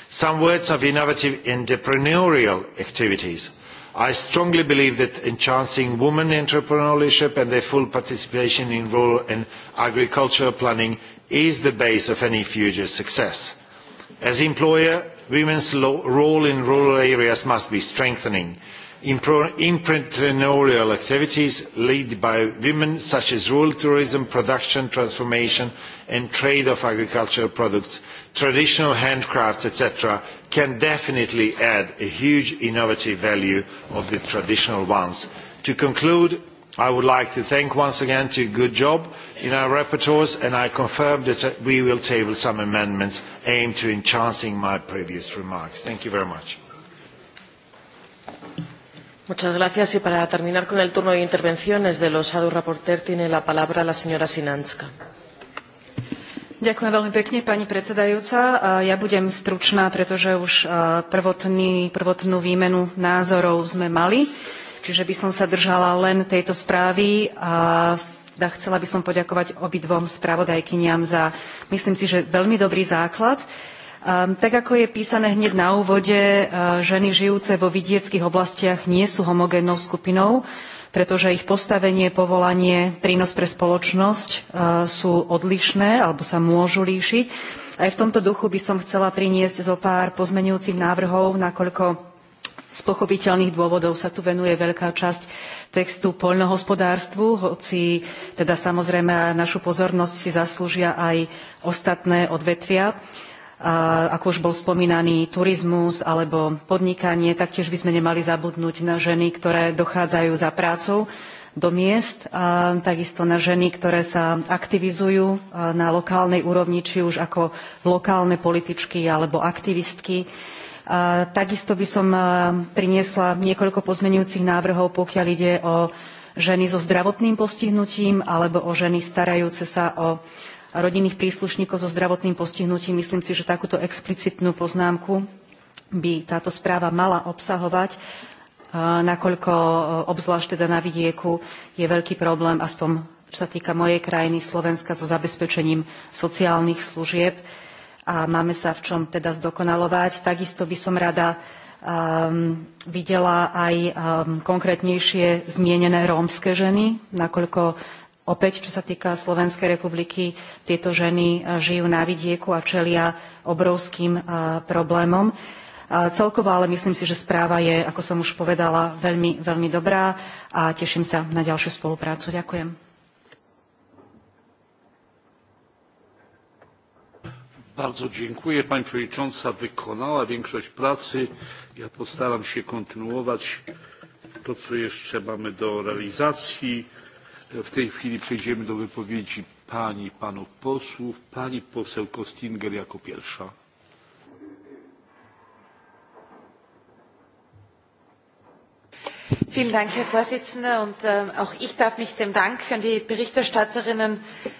Some words of innovative entrepreneurial activities. I strongly believe that enhancing women entrepreneurship and their full participation in rural and agricultural planning is the base of any future success. As employer, women's role in rural areas must be strengthened entrepreneurial activities led by women such as rural tourism, production, transformation and trade of agricultural products, traditional handcrafts, etc., can definitely add a huge innovative value of the traditional ones. To conclude, I would like to thank once again to good job in our rapporteurs, and I confirm that uh, we will table some amendments aimed to enhancing my previous remarks. Thank you very much. Muchas gracias. Y para terminar con el turno de intervenciones de los shadow rapporteur, tiene la palabra la señora Sinanska. Ďakujem veľmi pekne, pani predsedajúca. Ja budem stručná, pretože už prvotný, prvotnú výmenu názorov sme mali, čiže by som sa držala len tejto správy a teda chcela by som poďakovať obidvom spravodajkyniam za, myslím si, že veľmi dobrý základ. Ehm, tak ako je písané hneď na úvode, ehm, ženy žijúce vo vidieckých oblastiach nie sú homogénnou skupinou, pretože ich postavenie, povolanie, prínos pre spoločnosť ehm, sú odlišné alebo sa môžu líšiť. Aj v tomto duchu by som chcela priniesť zo pár pozmenujúcich návrhov, nakoľko z pochopiteľných dôvodov sa tu venuje veľká časť textu poľnohospodárstvu, hoci teda samozrejme našu pozornosť si zaslúžia aj ostatné odvetvia. Uh, ako už bol spomínaný turizmus alebo podnikanie, taktiež by sme nemali zabudnúť na ženy, ktoré dochádzajú za prácou do miest, a takisto na ženy, ktoré sa aktivizujú na lokálnej úrovni, či už ako lokálne političky alebo aktivistky. A takisto by som priniesla niekoľko pozmenujúcich návrhov, pokiaľ ide o ženy so zdravotným postihnutím alebo o ženy starajúce sa o rodinných príslušníkov so zdravotným postihnutím. Myslím si, že takúto explicitnú poznámku by táto správa mala obsahovať, e, nakoľko e, obzvlášť teda na vidieku je veľký problém, aspoň čo sa týka mojej krajiny Slovenska, so zabezpečením sociálnych služieb a máme sa v čom teda zdokonalovať. Takisto by som rada um, videla aj um, konkrétnejšie zmienené rómske ženy, nakoľko Opäť, čo sa týka Slovenskej republiky, tieto ženy e, žijú na vidieku a čelia obrovským e, problémom. E, celkovo ale myslím si, že správa je, ako som už povedala, veľmi, veľmi dobrá a teším sa na ďalšiu spoluprácu. Ďakujem. Bardzo dziękuję. Pani Przewodnicząca wykonała większość pracy. Ja postaram się kontynuować to, co jeszcze mamy do realizacji W tej chwili przejdziemy do wypowiedzi pań i panów posłów. Pani poseł Kostinger jako pierwsza. Vielen Dank, Herr Vorsitzender. Und äh, auch ich darf mich dem Dank an die Berichterstatterinnen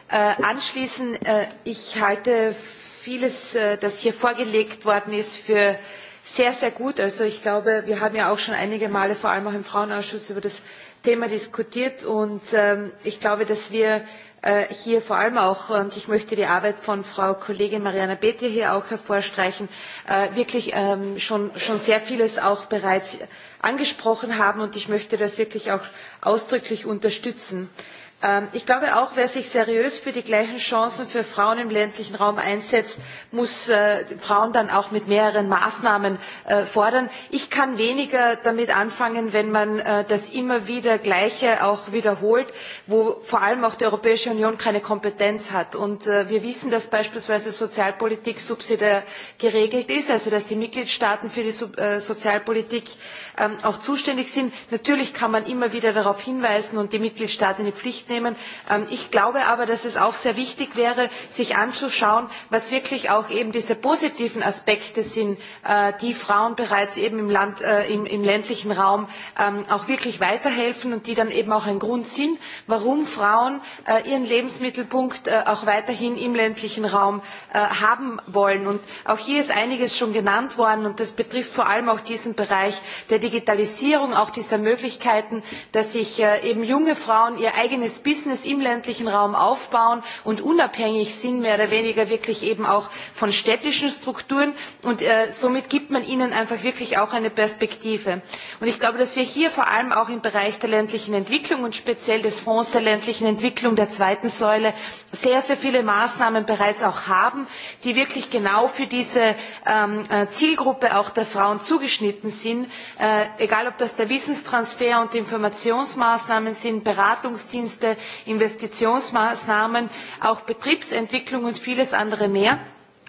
äh, anschließen. Äh, ich halte vieles, äh, das hier vorgelegt worden ist, für sehr, sehr gut. Also ich glaube, wir haben ja auch schon einige Male, vor allem auch im Frauenausschuss, über das Thema diskutiert und ähm, ich glaube, dass wir äh, hier vor allem auch, und ich möchte die Arbeit von Frau Kollegin Mariana Bethe hier auch hervorstreichen, äh, wirklich ähm, schon, schon sehr vieles auch bereits angesprochen haben und ich möchte das wirklich auch ausdrücklich unterstützen. Äh, Ähm, ich glaube auch, wer sich seriös für die gleichen Chancen für Frauen im ländlichen Raum einsetzt, muss äh, Frauen dann auch mit mehreren Maßnahmen äh, fordern. Ich kann weniger damit anfangen, wenn man äh, das immer wieder Gleiche auch wiederholt, wo vor allem auch die Europäische Union keine Kompetenz hat. Und wir wissen, dass beispielsweise Sozialpolitik subsidiär geregelt ist, also dass die Mitgliedstaaten für die Sozialpolitik ähm, auch zuständig sind. Natürlich kann man immer wieder darauf hinweisen und die Mitgliedstaaten in die Pflicht Pflicht nehmen. Ähm, ich glaube aber, dass es auch sehr wichtig wäre, sich anzuschauen, was wirklich auch eben diese positiven Aspekte sind, äh, die Frauen bereits eben im, Land, äh, im, im ländlichen Raum ähm, auch wirklich weiterhelfen und die dann eben auch ein Grund sind, warum Frauen äh, ihren Lebensmittelpunkt auch weiterhin im ländlichen Raum haben wollen. Und auch hier ist einiges schon genannt worden und das betrifft vor allem auch diesen Bereich der Digitalisierung, auch dieser Möglichkeiten, dass sich eben junge Frauen ihr eigenes eigenes Business im ländlichen Raum aufbauen und unabhängig sind, mehr oder weniger wirklich eben auch von städtischen Strukturen. Und äh, somit gibt man ihnen einfach wirklich auch eine Perspektive. Und ich glaube, dass wir hier vor allem auch im Bereich der ländlichen Entwicklung und speziell des Fonds der ländlichen Entwicklung der zweiten Säule sehr, sehr viele Maßnahmen bereits auch haben, die wirklich genau für diese ähm, äh, Zielgruppe auch der Frauen zugeschnitten sind, äh, egal ob das der Wissenstransfer und Informationsmaßnahmen sind, Beratungsdienste, Projekte, Investitionsmaßnahmen, auch Betriebsentwicklung und vieles andere mehr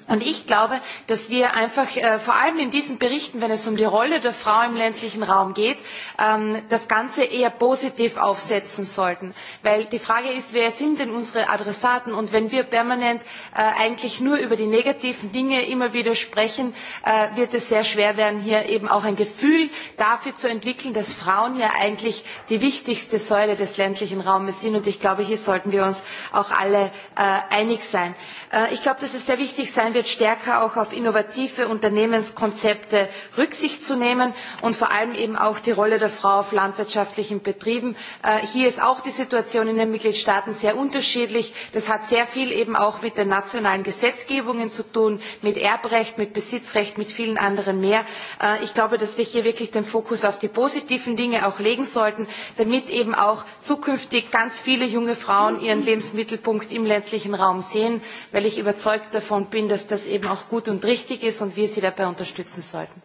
Und ich glaube, dass wir einfach äh, vor allem in diesen Berichten, wenn es um die Rolle der Frau im ländlichen Raum geht, ähm, das Ganze eher positiv aufsetzen sollten. Weil die Frage ist, wer sind denn unsere Adressaten? Und wenn wir permanent äh, eigentlich nur über die negativen Dinge immer wieder sprechen, äh, wird es sehr schwer werden, hier eben auch ein Gefühl dafür zu entwickeln, dass Frauen ja eigentlich die wichtigste Säule des ländlichen Raumes sind. Und ich glaube, hier sollten wir uns auch alle äh, einig sein. Äh, ich glaube, dass es sehr wichtig sein wird stärker auch auf innovative Unternehmenskonzepte Rücksicht zu nehmen und vor allem eben auch die Rolle der Frau auf landwirtschaftlichen Betrieben. Äh, hier ist auch die Situation in den Mitgliedstaaten sehr unterschiedlich. Das hat sehr viel eben auch mit den nationalen Gesetzgebungen zu tun, mit Erbrecht, mit Besitzrecht, mit vielen anderen mehr. Äh, ich glaube, dass wir hier wirklich den Fokus auf die positiven Dinge auch legen sollten, damit eben auch zukünftig ganz viele junge Frauen ihren Lebensmittelpunkt im ländlichen Raum sehen, weil ich überzeugt davon bin, dass das eben auch gut und richtig ist und wir sie dabei unterstützen sollten.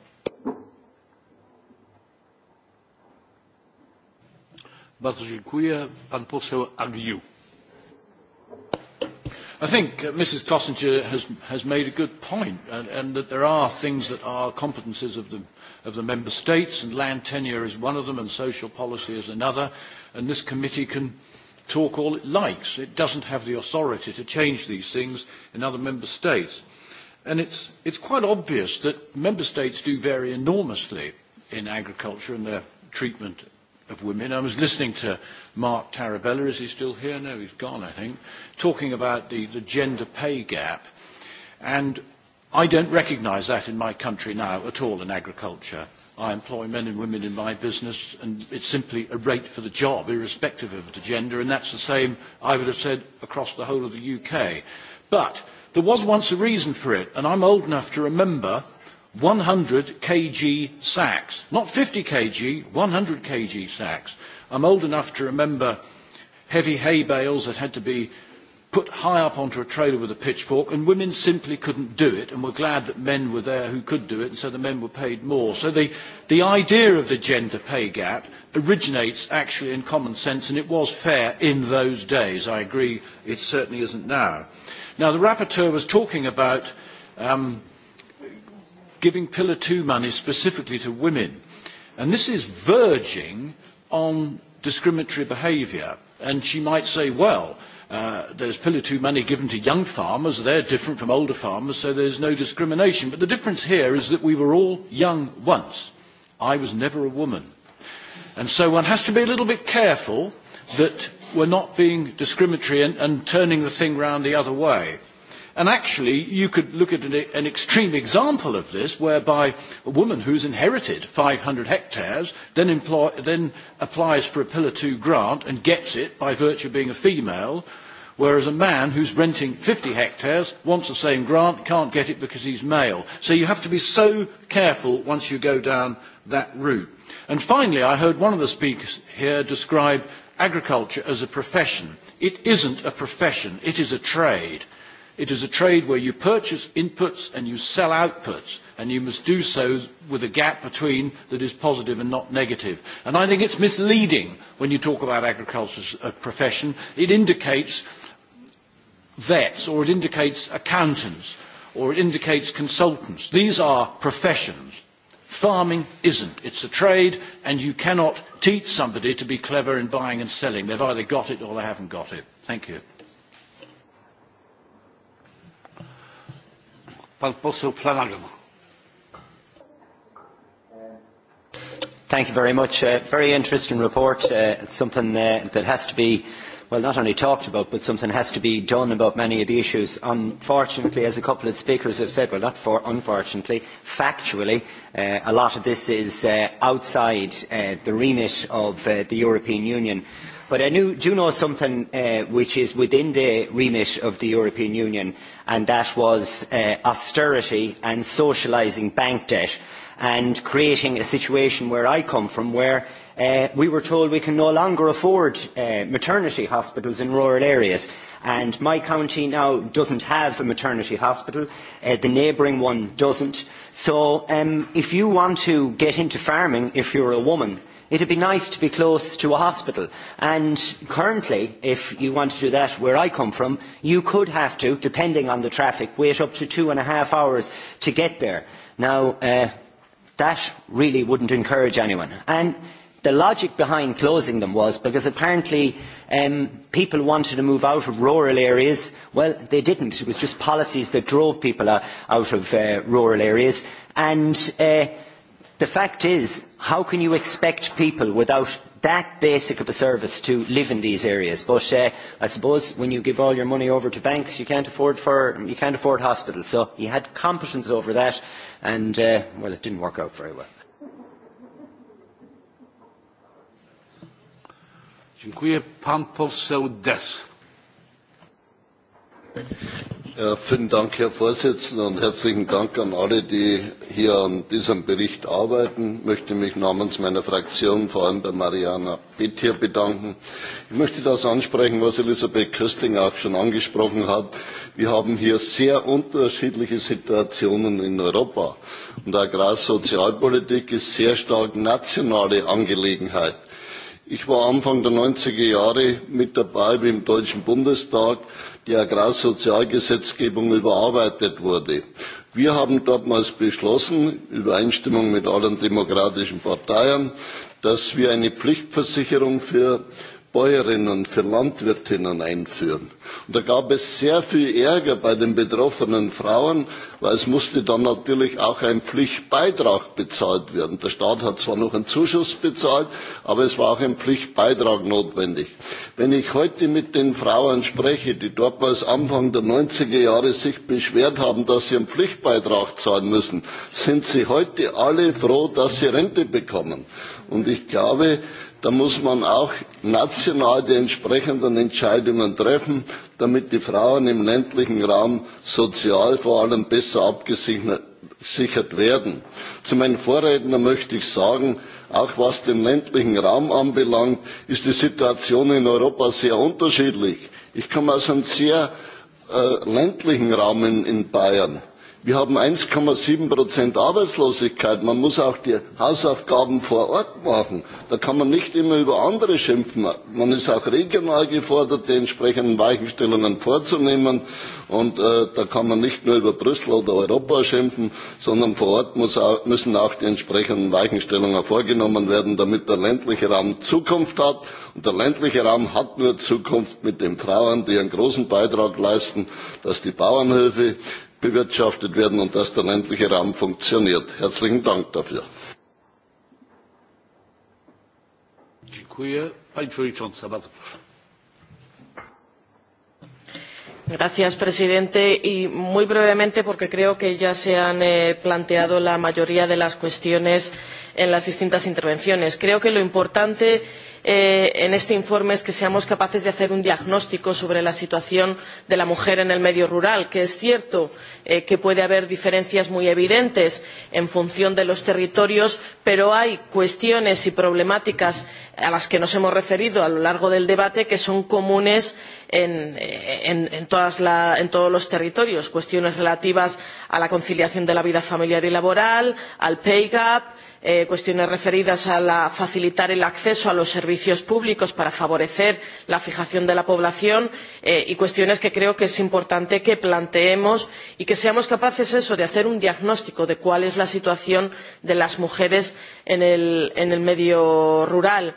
Bardzo dziękuję. Pan poseł Agnew. I think uh, Mrs. Cossinger has, has made a good point, and, and that there are things that are competences of the, of the member states, and land tenure is one of them, and social policy is another, and this committee can talk all it likes. It doesn't have the authority to change these things in other member states. And it's, it's quite obvious that member states do vary enormously in agriculture and their treatment of women. I was listening to Mark Tarabella, is he still here? No, he's gone, I think, talking about the, the gender pay gap. And I don't recognise that in my country now at all in agriculture. I employ men and women in my business, and it's simply a rate for the job, irrespective of the gender, and that's the same, I would have said, across the whole of the UK. But there was once a reason for it, and I'm old enough to remember 100 kg sacks. Not 50 kg, 100 kg sacks. I'm old enough to remember heavy hay bales that had to be put high up onto a trailer with a pitchfork, and women simply couldn't do it, and were glad that men were there who could do it, and so the men were paid more. So the, the idea of the gender pay gap originates actually in common sense, and it was fair in those days. I agree it certainly isn't now. Now, the rapporteur was talking about um, giving Pillar 2 money specifically to women, and this is verging on discriminatory behaviour And she might say, well, uh, there's pillar two money given to young farmers, they're different from older farmers, so there's no discrimination. But the difference here is that we were all young once. I was never a woman. And so one has to be a little bit careful that we're not being discriminatory and, and turning the thing round the other way. And actually, you could look at an, an extreme example of this, whereby a woman who's inherited 500 hectares then, employ, then applies for a Pillar 2 grant and gets it by virtue of being a female, whereas a man who's renting 50 hectares wants the same grant, can't get it because he's male. So you have to be so careful once you go down that route. And finally, I heard one of the speakers here describe agriculture as a profession. It isn't a profession, it is a trade. It is a trade where you purchase inputs and you sell outputs, and you must do so with a gap between that is positive and not negative. And I think it's misleading when you talk about agriculture as a uh, profession. It indicates vets, or it indicates accountants, or it indicates consultants. These are professions. Farming isn't. It's a trade, and you cannot teach somebody to be clever in buying and selling. They've either got it or they haven't got it. Thank you. Pan poseł Flanagan. Thank you very much. Uh, very interesting report. Uh, it's something uh, that has to be well, not only talked about, but something has to be done about many of the issues. Unfortunately, as a couple of speakers have said, well, not for, unfortunately, factually, uh, a lot of this is uh, outside uh, the remit of uh, the European Union. But I knew, do know something uh, which is within the remit of the European Union, and that was uh, austerity and socialising bank debt and creating a situation where I come from where Uh, we were told we can no longer afford uh, maternity hospitals in rural areas. And my county now doesn't have a maternity hospital. Uh, the neighbouring one doesn't. So um, if you want to get into farming, if you're a woman, it'd be nice to be close to a hospital. And currently, if you want to do that where I come from, you could have to, depending on the traffic, wait up to two and a half hours to get there. Now, uh, that really wouldn't encourage anyone. And The logic behind closing them was because apparently um, people wanted to move out of rural areas. Well, they didn't. It was just policies that drove people out of uh, rural areas. And uh, the fact is, how can you expect people without that basic of a service to live in these areas. But uh, I suppose when you give all your money over to banks, you can't afford for you can't afford hospitals. So he had competence over that, and uh, well, it didn't work out very well. Dziękuję. Pan poseł Des. Ja, vielen Dank, Herr Vorsitzender, und herzlichen Dank an alle, die hier an diesem Bericht arbeiten. Ich möchte mich namens meiner Fraktion vor allem bei Mariana Bettier bedanken. Ich möchte das ansprechen, was Elisabeth Kösting auch schon angesprochen hat. Wir haben hier sehr unterschiedliche Situationen in Europa. Und Agrarsozialpolitik ist sehr stark nationale Angelegenheit ich war anfang der neunzig er jahre mit dabei wie im deutschen bundestag die agrarsozialgesetzgebung überarbeitet wurde. wir haben damals beschlossen in übereinstimmung mit allen demokratischen parteien dass wir eine pflichtversicherung für Bäuerinnen, für Landwirtinnen einführen. Und da gab es sehr viel Ärger bei den betroffenen Frauen, weil es musste dann natürlich auch ein Pflichtbeitrag bezahlt werden. Der Staat hat zwar noch einen Zuschuss bezahlt, aber es war auch ein Pflichtbeitrag notwendig. Wenn ich heute mit den Frauen spreche, die dortmals Anfang der 90er Jahre sich beschwert haben, dass sie einen Pflichtbeitrag zahlen müssen, sind sie heute alle froh, dass sie Rente bekommen. Und ich glaube, da muss man auch national die entsprechenden entscheidungen treffen damit die frauen im ländlichen raum sozial vor allem besser abgesichert werden. zu meinen vorrednern möchte ich sagen auch was den ländlichen raum anbelangt ist die situation in europa sehr unterschiedlich. ich komme aus einem sehr äh, ländlichen raum in bayern wir haben eins sieben arbeitslosigkeit. man muss auch die hausaufgaben vor ort machen. da kann man nicht immer über andere schimpfen. man ist auch regional gefordert die entsprechenden weichenstellungen vorzunehmen und äh, da kann man nicht nur über brüssel oder europa schimpfen sondern vor ort muss auch, müssen auch die entsprechenden weichenstellungen vorgenommen werden damit der ländliche raum zukunft hat. und der ländliche raum hat nur zukunft mit den frauen die einen großen beitrag leisten dass die bauernhöfe bewirtschaftet werden und dass der ländliche Raum funktioniert. Herzlichen Dank dafür. Señor presidente, y muy brevemente, porque creo que ya se han eh, planteado la mayoría de las cuestiones en las distintas intervenciones. Creo que lo importante es Eh, en este informe es que seamos capaces de hacer un diagnóstico sobre la situación de la mujer en el medio rural que es cierto eh, que puede haber diferencias muy evidentes en función de los territorios pero hay cuestiones y problemáticas a las que nos hemos referido a lo largo del debate que son comunes en, en, en, todas la, en todos los territorios cuestiones relativas a la conciliación de la vida familiar y laboral al pay gap eh, cuestiones referidas a facilitar el acceso a los servicios públicos para favorecer la fijación de la población eh, y cuestiones que creo que es importante que planteemos y que seamos capaces eso, de hacer un diagnóstico de cuál es la situación de las mujeres en el, en el medio rural.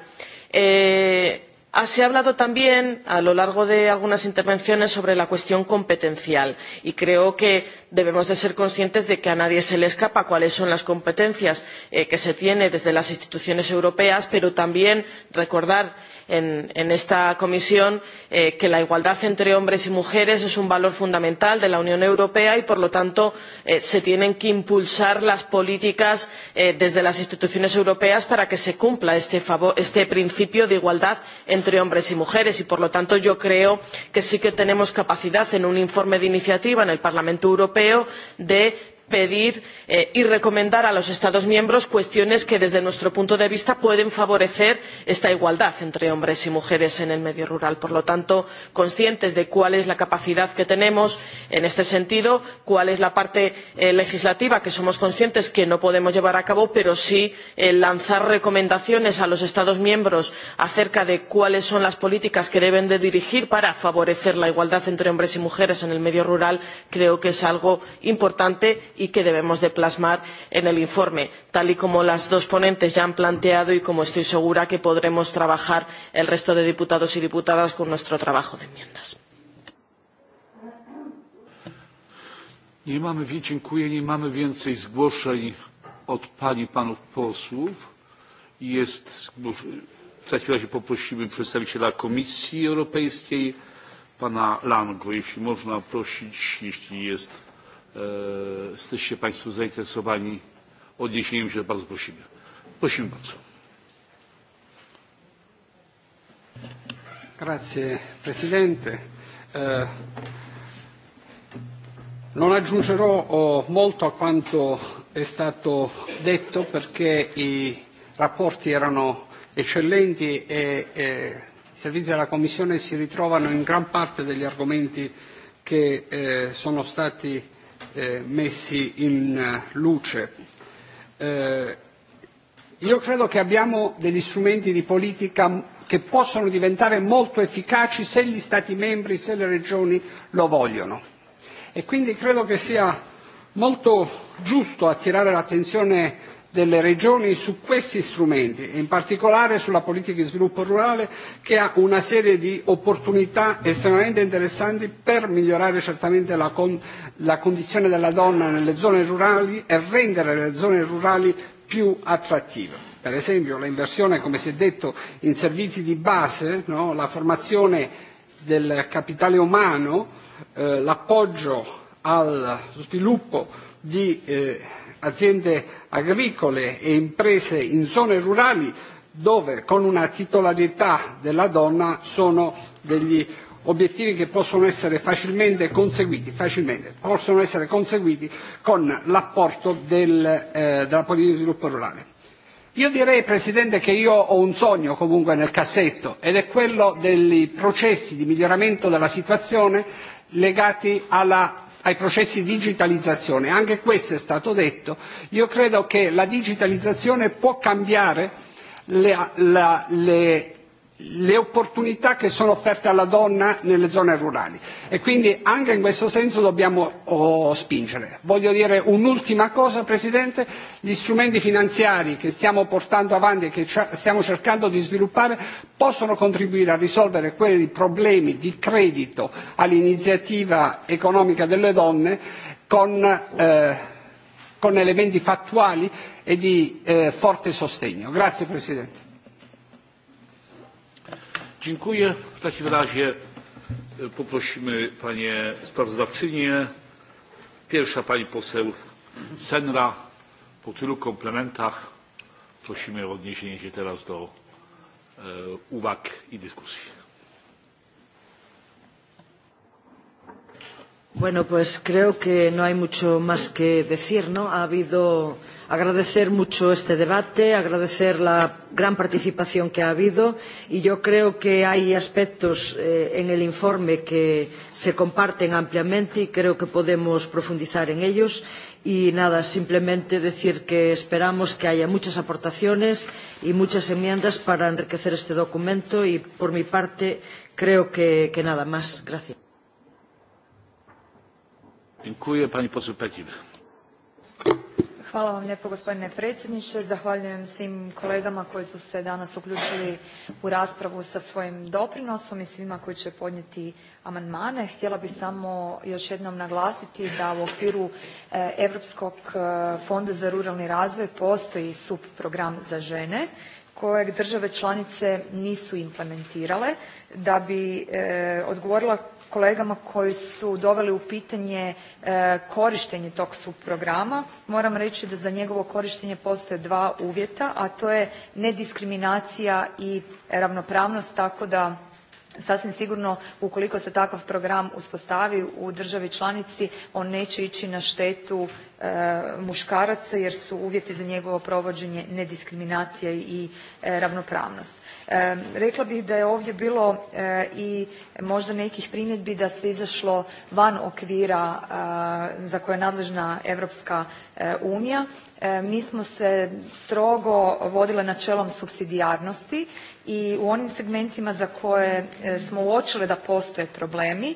Eh, Ah, se ha hablado también a lo largo de algunas intervenciones sobre la cuestión competencial y creo que debemos ser conscientes de que a nadie se le escapa cuáles son las competencias eh, que se tienen desde las instituciones europeas pero también recordar que en, esta comisión eh, que la igualdad entre hombres y mujeres es un valor fundamental de la Unión Europea y, por lo tanto, eh, se tienen que impulsar las políticas eh, desde las instituciones europeas para que se cumpla este principio de igualdad entre hombres y mujeres. Y, por lo tanto, yo creo que sí que tenemos capacidad en un informe de iniciativa en el Parlamento Europeo de pedir eh, y recomendar a los estados miembros cuestiones que desde nuestro punto de vista pueden favorecer esta igualdad entre hombres y mujeres en el medio rural. por lo tanto conscientes de cuál es la capacidad que tenemos en este sentido cuál es la parte eh, legislativa que somos conscientes que no podemos llevar a cabo pero sí eh, lanzar recomendaciones a los estados miembros acerca de cuáles son las políticas que deben de dirigir para favorecer la igualdad entre hombres y mujeres en el medio rural creo que es algo importante y y que debemos plasmar en el informe tal y como las dos ponentes ya han planteado y como estoy segura de que podremos trabajar el resto de diputados y diputadas con nuestro trabajo de enmiendas. Nie mamy, dziękuję, nie mamy więcej zgłoszeń od pań panów posłów. Jest, w takim razie poprosimy przedstawiciela Komisji Europejskiej, pana Lango, jeśli można prosić, jeśli jest E, jesteście Państwo zainteresowani odniesieniem się, bardzo prosimy. Prosimy bardzo. Grazie Presidente. Eh, non aggiungerò oh, molto a quanto è stato detto perché i rapporti erano eccellenti e, e i servizi della Commissione si ritrovano in gran parte degli argomenti che eh, sono stati Eh, messi in eh, luce. Eh, io credo che abbiamo degli strumenti di politica che possono diventare molto efficaci se gli Stati membri, se le regioni lo vogliono. E quindi credo che sia molto giusto attirare l'attenzione delle regioni su questi strumenti e in particolare sulla politica di sviluppo rurale che ha una serie di opportunità estremamente interessanti per migliorare certamente la, con, la condizione della donna nelle zone rurali e rendere le zone rurali più attrattive. Per esempio l'inversione, come si è detto, in servizi di base, no? la formazione del capitale umano, eh, l'appoggio al sviluppo di eh, aziende agricole e imprese in zone rurali dove con una titolarità della donna sono degli obiettivi che possono essere facilmente conseguiti, facilmente, possono essere conseguiti con l'apporto del, eh, della politica di sviluppo rurale. Io direi, Presidente, che io ho un sogno comunque nel cassetto ed è quello dei processi di miglioramento della situazione legati alla ai processi di digitalizzazione. Anche questo è stato detto. Io credo che la digitalizzazione può cambiare le, la, le le opportunità che sono offerte alla donna nelle zone rurali e quindi anche in questo senso dobbiamo oh, spingere. Voglio dire un'ultima cosa, Presidente, gli strumenti finanziari che stiamo portando avanti e che stiamo cercando di sviluppare possono contribuire a risolvere quei problemi di credito all'iniziativa economica delle donne con, eh, con elementi fattuali e di eh, forte sostegno. Grazie Presidente. Dziękuję. W takim razie e, poprosimy panie sprawozdawczynię. Pierwsza pani poseł Senra. Po tylu komplementach prosimy o odniesienie się teraz do e, uwag i dyskusji. Bueno, pues creo que no hay mucho más que decir, ¿no? Ha habido agradecer mucho este debate, agradecer la gran participación que ha habido y yo creo que hay aspectos eh, en el informe que se comparten ampliamente y creo que podemos profundizar en ellos y nada, simplemente decir que esperamos que haya muchas aportaciones y muchas enmiendas para enriquecer este documento y por mi parte creo que, que nada más. Gracias gospodine predsjednie Zahvaljujem svim kolegama koji su se danas ukljuili u raspravu sa svojim doprinosom i svima koji e podnijeti amandmane. Htjela bih samo jo jednom naglasiti da u okviru Europskog eh, eh, fonda za ruralni razvoj postoji subprogram za ene kojeg drave lanice nisu implementirale da bi eh, odgovorila kolegama koji su doveli u pitanje e, korištenje tog subprograma. Moram reći da za njegovo korištenje postoje dva uvjeta, a to je nediskriminacija i ravnopravnost, tako da sasvim sigurno ukoliko se takav program uspostavi u državi članici on neće ići na štetu E, muškaraca jer su uvjeti za njegovo provođenje nediskriminacija i e, ravnopravnost. E, rekla bih da je ovdje bilo i možda nekih primjedbi da se izašlo van okvira za koje je nadležna Europska unija. Mi smo se strogo vodile načelom supsidijarnosti i u onim segmentima za koje smo uočile da postoje problemi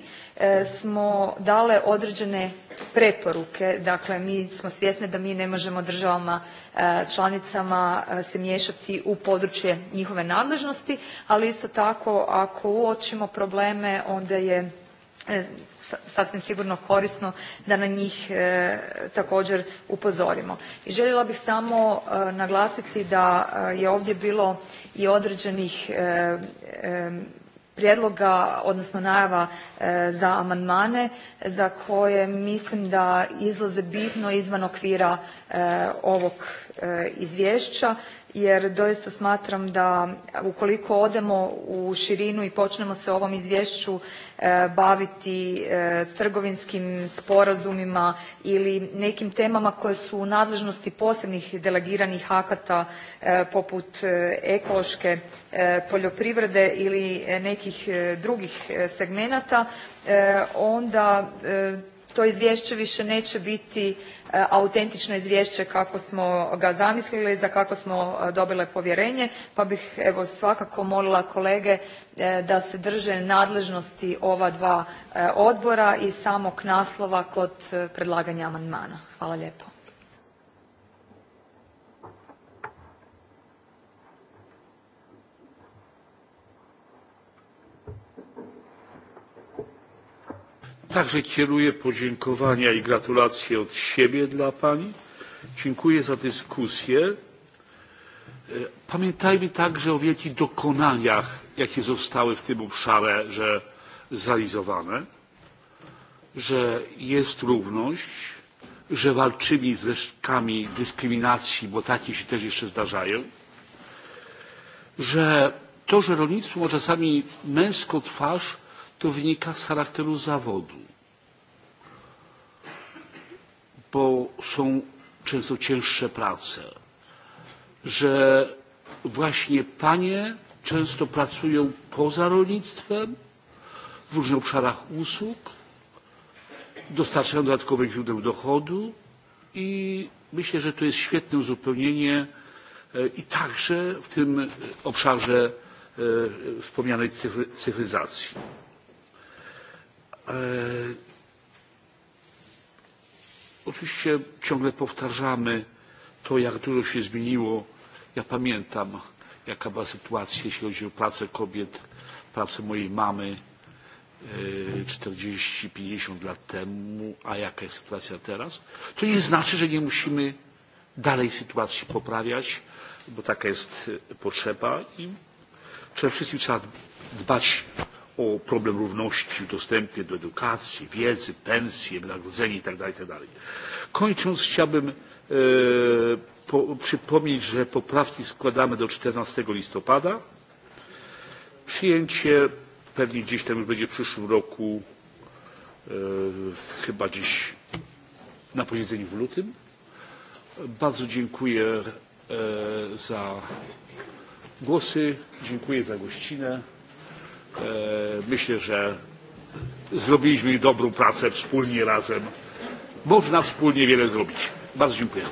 smo dale određene preporuke. Dakle, mi smo svjesni da mi ne možemo državama e, članicama e, se miješati u područje njihove nadležnosti, ali isto tako ako uočimo probleme onda je e, sasvim sigurno korisno da na njih e, također upozorimo. I željela bih samo e, naglasiti da je ovdje bilo i određenih e, prijedloga, odnosno najava e, za amandmane za koje mislim da izlaze bitno izvan okvira e, ovog e, izvješća jer doista smatram da ukoliko odemo u širinu i počnemo se u ovom izvješću e, baviti e, trgovinskim sporazumima ili nekim temama koje su u nadležnosti posebnih delegiranih akata e, poput ekološke poljoprivrede ili nekih drugih segmenata onda to izvješće više neće biti e, autentično izvješće kako smo ga zamislili, za kakvo smo e, dobili povjerenje, pa bih evo svakako molila kolege e, da se drže nadležnosti ova dva odbora i samog naslova kod predlaganja amandmana. Hvala lijepo. Także kieruję podziękowania i gratulacje od siebie dla pani. Dziękuję za dyskusję. E, pamiętajmy także o wielkich dokonaniach, jakie zostały w tym obszarze że zrealizowane, że jest równość, że walczymy z resztkami dyskryminacji, bo takie się też jeszcze zdarzają, że to, że rolnictwo ma czasami męską twarz, to wynika z charakteru zawodu, bo są często cięższe prace, że właśnie panie często pracują poza rolnictwem, w różnych obszarach usług, dostarczają dodatkowych źródeł dochodu i myślę, że to jest świetne uzupełnienie e, i także w tym obszarze e, wspomnianej cyfryzacji E, oczywiście ciągle powtarzamy to, jak dużo się zmieniło. Ja pamiętam, jaka była sytuacja, jeśli chodzi o pracę kobiet, pracę mojej mamy 40-50 e, lat temu, a jaka jest sytuacja teraz. To nie znaczy, że nie musimy dalej sytuacji poprawiać, bo taka jest potrzeba i przede wszystkim trzeba dbać o problem równości w dostępie do edukacji, wiedzy, pensji, wynagrodzeń itd. itd. Kończąc chciałbym e, po, przypomnieć, że poprawki składamy do 14 listopada. Przyjęcie pewnie gdzieś tam już będzie w przyszłym roku, e, chyba gdzieś na posiedzeniu w lutym. Bardzo dziękuję e, za głosy, dziękuję za gościnę. E, myślę, że zrobiliśmy dobrą pracę wspólnie, razem. Można wspólnie wiele zrobić. Bardzo dziękuję.